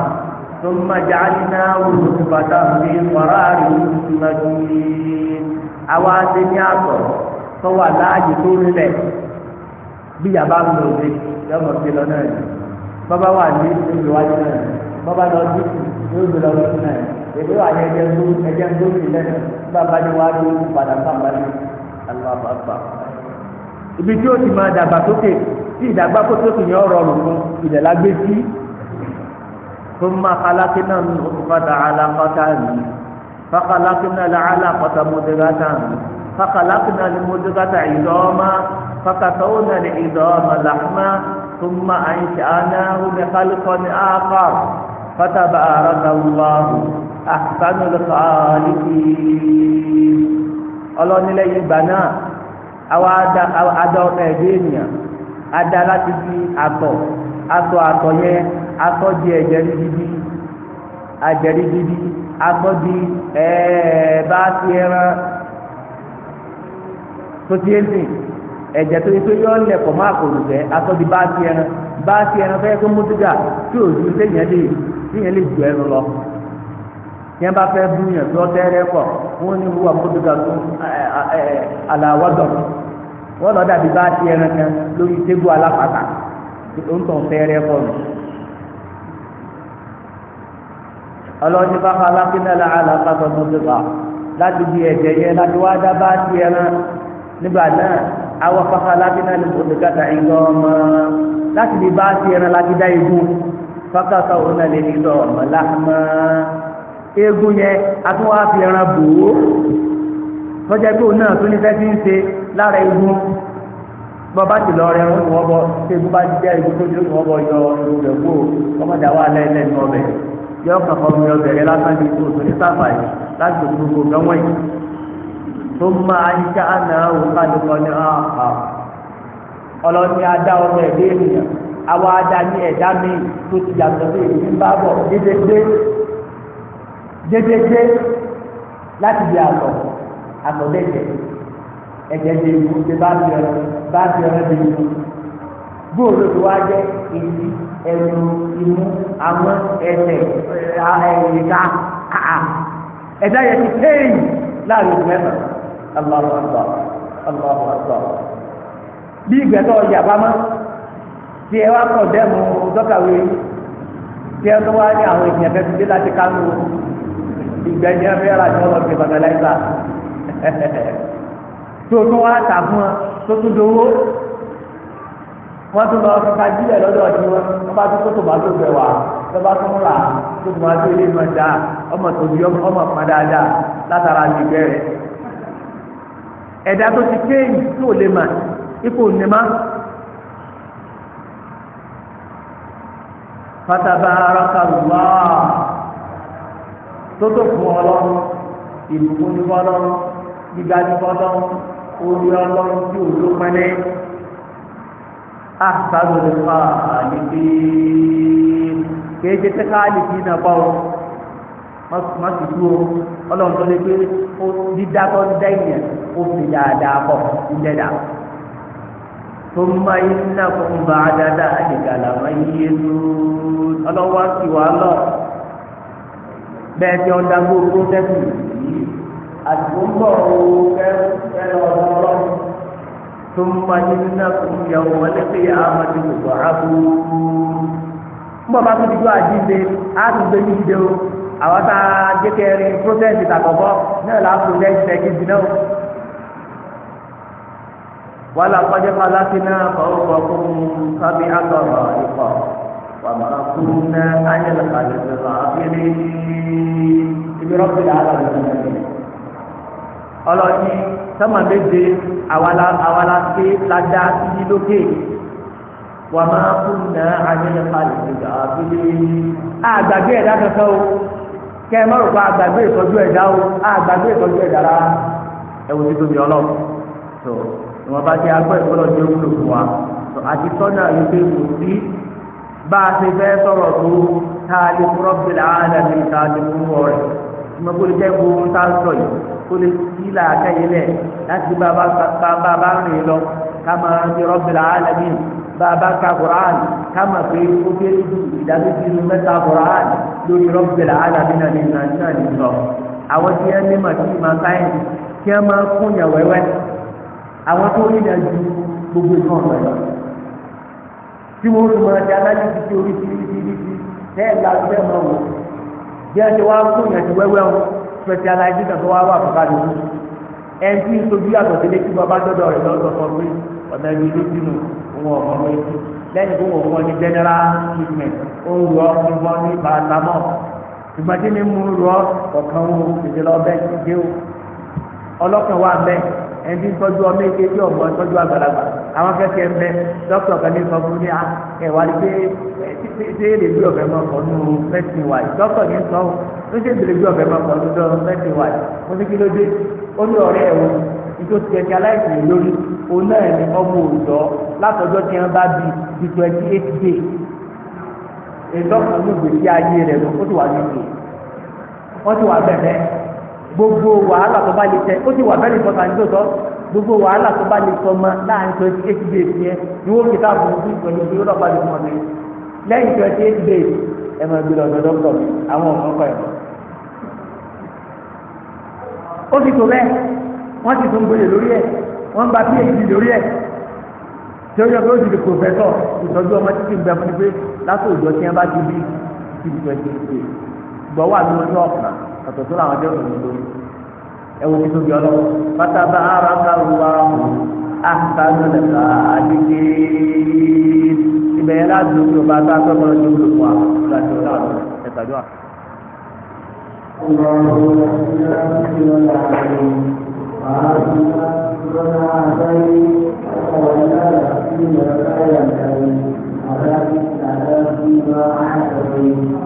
tó ń má jà ní náà wúlò tó bàtà ní wàrà rí ìmọ̀jú ní àwa ṣe ní àtọ̀ tó wà láàyè tó rinlẹ̀ bí yàrá ń lò dé lọ́mọ sí bàbá wà ní èmi wà ní ẹjẹ ńdó ẹjẹ ńdó ti lẹ́nu bàbá ni wàá dó padà bàbá ni alábà gbà. ibi tí ó ti máa dàgbà sókè tí ìdàgbà kó tó ti yàn fún ilẹ̀ lágbé sí tó máa kálákí náà ní oṣù padà alákọ̀tà yìí fàkàlákí náà lè alákọ̀tà mọ́tẹ́gàtà yìí fàkàlákí náà lè mọ́tẹ́gàtà ìdọ́ọ́mà fàkàtàwọ́ náà lè ìdọ́ọ́mà làkúmá tó máa àyìnṣẹ́ àná ó lè ahsanul khaliqin ọlọ́nilẹ̀ yìí gbà náà àwa adá ọmọ ẹ̀dẹ́ ènìyàn adá láti fi àtọ̀ àtọ̀ àtọ̀ yẹn àtọ̀ di ẹ̀jẹ̀ ní gidi àjẹ̀rí gidi àtọ̀ di ẹ̀ẹ́dá ti ẹran tó ti ń sìn ẹ̀jẹ̀ tó yẹ pé yọ lẹ̀ pọ̀ máa kò lùfẹ́ àtọ̀ di bá ti ẹran bá ti ẹran fẹ́ kó mú sígà tí òòjú téèyàn lè téèyàn lè ju ẹnu lọ yẹn bá fẹ́ bú yẹn tó tẹ́rẹ́ pọ̀ wọ́n ní wúwa mọ́tò ga tó aláwọ̀dọ̀ wọ́n lọ dàbí bá ti ẹran kan lórí tébù alápàtà tó ń tàn tẹ́rẹ́ pọ̀ nù. ọlọ́ọ̀ni bá fa lákínà làálà pàtó mọ́tò ga láti di ẹ̀jẹ̀ yẹn láti wá dá bá ti ẹran nígbà náà awọ fafa lákínà ní mọ́tò gàtà ìgbà ọmọ láti di bá ti ẹran láti dá igun fákàtà òun náà lè ní ìgbà ọmọ láhùnmáà. eegun yẹn atúwọ́ àfi ẹran bò ó tọ́jà pé òun náà tó ní sẹ́sí ń ṣe lára eegun bọ́ba ti lọ rẹ ń wọ́ bọ́ tí egun bá jẹ́ egun tó ti wọ́ bọ́ yọ egun rẹ̀ kó ọmọdé àwọn alẹ́ lẹ́nu ọbẹ̀ yọ ọkàn fọmọ yọ bẹ̀rẹ̀ lásán ní oṣù ní sáfà yìí láti oṣù gbogbo gánwọ́ yìí tó máa ń ṣe àná òun ah, ah. ní ọ̀hán ọlọ́ni adá ọmọ dédédé láti di àtọ̀ àtọ̀lẹ́jẹ̀ ẹ̀jẹ̀ di ìlú ṣe bá fi ọ̀rẹ́ bá fi ọ̀rẹ́ di ìlú gbòòrò tó wá jẹ́ èyí ẹnu imú àwọn ẹsẹ̀ ẹ̀yìnká kàá ẹ̀dá yẹn ti kéyìn láàrin ìlú mẹ́fà Allahu Akbar Allahu Akbar bí ìgbẹ́tọ̀ yàgbá mọ́ tí ẹ wá kọ̀ dẹ́mu dọ́kàwé tí ẹ tó wá ní àwọn ènìyàn fẹ́ ti dé láti kánú ìgbà yẹn fẹ́ ra jọ lọ sí fàgàláìsà tó tún wá tà fún ọ tó tún dowó wọ́n tún lọ fi ká jílẹ̀ lọ́dọ̀ ọdún wọn wọ́n bá tún kótó bá tó fẹ́ wá tó bá tún rà tó tún bá tó ilé náà dá ọmọ tòbí ọmọ kan dáadáa látara lè bẹ̀rẹ̀ ẹ̀dá tó ti kéyìn tó lè mà ipò nímá. fatabaaraka Allah. tótó fún ọlọ́run ìbùkún ní fọlọ́run gbígbá ní fọlọ́run orí ọlọ́run tí ò ló pẹ́lẹ́ àtàlù lè fa àlèké kéde tẹ́ka àlèké náà bá wọn má sì dúró ọlọ́run tó lé pé ó dẹ́yìn ó fi dáadáa bọ̀ a dáadáa àdìgàlà bẹ́ẹ̀ tí wọ́n dágbó protẹ́tì yìí àtìkú ń bọ̀ ọ́ kẹ́ lọ ọlọ́run tó ń ma ní nàkùn yẹ̀wò wọn lẹ́sẹ̀ amadu gbogbo àbúrú. ń bọ̀ bá tó ti tó àjíǹde á ti gbé yìí dé o àwọn tá a jẹ́ kẹrin protẹ́tì tàkọ́kọ́ náà là á protẹ́tì lẹ́kìtì náà wàlá kọjá kọlá sí náà kọ́ ọ́ fún mi kábí àgọ́rọ̀ ìkọ̀. وما كنا عن الخلق غافلين برب العالمين ọlọ́ọ̀ni sọ́mà méje àwàlá ké ládá yí lókè wà máa kún ná àyẹ̀lẹ̀ palẹ̀ ìgbà abúlé àgbàgbé ẹ̀dá kankan o kẹ́ ẹ mọ̀rùkọ àgbàgbé ìtọ́jú ẹ̀dá o àgbàgbé ìtọ́jú ẹ̀dá rárá ẹ̀wù tí tóbi ọlọ́ọ̀ tó ìwọ̀n bá ti agbọ́ ìfọlọ́ọ̀dé wúlò fún wa tó àti tọ́nà yìí pé kò sí bá a ṣe fẹ́ sọ̀rọ̀ tó táàlì rọ́bìlì àádàmì táàlì fúnwọ́ rẹ̀ ìmọ̀ kó lè jẹ́ gbogbo ń tá a sọ yìí kó lè sí làákàyèlẹ̀ láti bá a bá rìn lọ ká máa ń ṣe rọ́bìlì àádàmì bá a bá ka quran ká máa pé ó fẹ́ dúdú ìdáméjì ní mẹ́ta quran lórí rọ́bìlì àádàmì náà ní nàìjíríà ní sọ àwọn tí wọ́n ní màtí ìmọ̀ sáyẹ́ǹsì tí wọ́n máa kúnyà wẹ́wẹ́ àwọn tó rí tí wọ́n tún máa dáná ní títí orí títí bẹ́ẹ̀ la bẹ́ẹ̀ máa wò bí a ti wá fún ìyàtí wẹ́wẹ́ wọn pẹ̀sì aláìsí tàbí wá wà bàbá lòun ẹni tí ń sojú yàtọ̀ sílé tí bàbá dọ́dọ̀ rẹ̀ lọ́dọ̀ sọ pé ọ̀nà ìlú ló dínú òun ọ̀mọ́ wọn ètò lẹ́yìn tó wọ̀ wọ́n ní general treatment ó ń rọ ní wọ́n ní paracetamol ṣùgbọ́n tí mi mú rọ ọ̀kan wo tètè lọ bẹ́ẹ̀ ti dé o ọlọ́kàn wà bẹ́ẹ̀ ẹni tí ń tọ́jú ọmọ èké tí ọ̀mọ́ tọ́jú àgbàlagbà àwọn akẹ́kẹ́ mbẹ dókítà kan ní sọ fún mi ah, ẹ wà lóde ṣé lè gbé ọ̀fẹ́ mọ́ kọ́ nù fẹ́tì wà yìí dókítà ní sọ ó ṣe lè gbé ọ̀fẹ́ mọ́ kọ́ nù fẹ́tì wà yìí mo ní kí ló dé ó ní ọ̀rẹ́ ẹ̀ wò ìjọ ti ẹ̀kẹ́ aláìsàn lórí òun náà ní ọmọ òòjọ́ látọjọ́ tí wọ́n bá di twenty eight day ìdókítà ní ìgbésí ayé rẹ̀ lọ ó ti wà gbogbo wàhálà tó bá lè tẹ ó ti wà bẹ́ẹ̀ nìkan tàbí tó sọ gbogbo wàhálà tó bá lè sọ ma láàrin tó ti eight days yẹn ni wọ́n fi káàbù ní ìgbọ̀nyẹ tí yóò lọ́ba lè fún ọ̀dọ́ yìí lẹ́yìn tó ti eight days ẹ̀ máa gbé lọ́dọ̀ dọ́kítọ̀ àwọn ọmọ ọkọ ẹ̀ ó ti tó bẹ́ẹ̀ wọ́n ti tó ń gbélé lórí ẹ̀ wọ́n ń ba phd lórí ẹ̀ tí ó yọ pé ó ti di pòfẹ́sọ̀ ìtọ́jú ọmọ ọ̀tọ̀ tó làwọn jẹ́ òṣèlú ẹ wo kíkó bí ọlọ́wọ́ pátá bá ara ká wá àtàlù lẹ́ka àdìgbé ibẹ̀ yẹn láti lóko bá bá tó kọ́ lọ́jọ́ òkú wa láti ọ̀la ọ̀la ẹ̀ka jọ́ à. Thank you.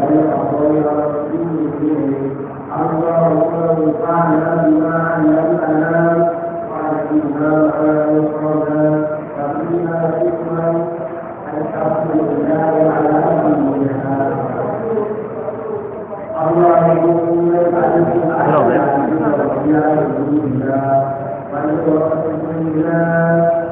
خير خير رسوله اللهم انفعنا بما علمتنا وعلمنا ما يرضى وقنا حكما الحمد لله على كل حال اللهم اجعلنا على دين الله ونصرة الله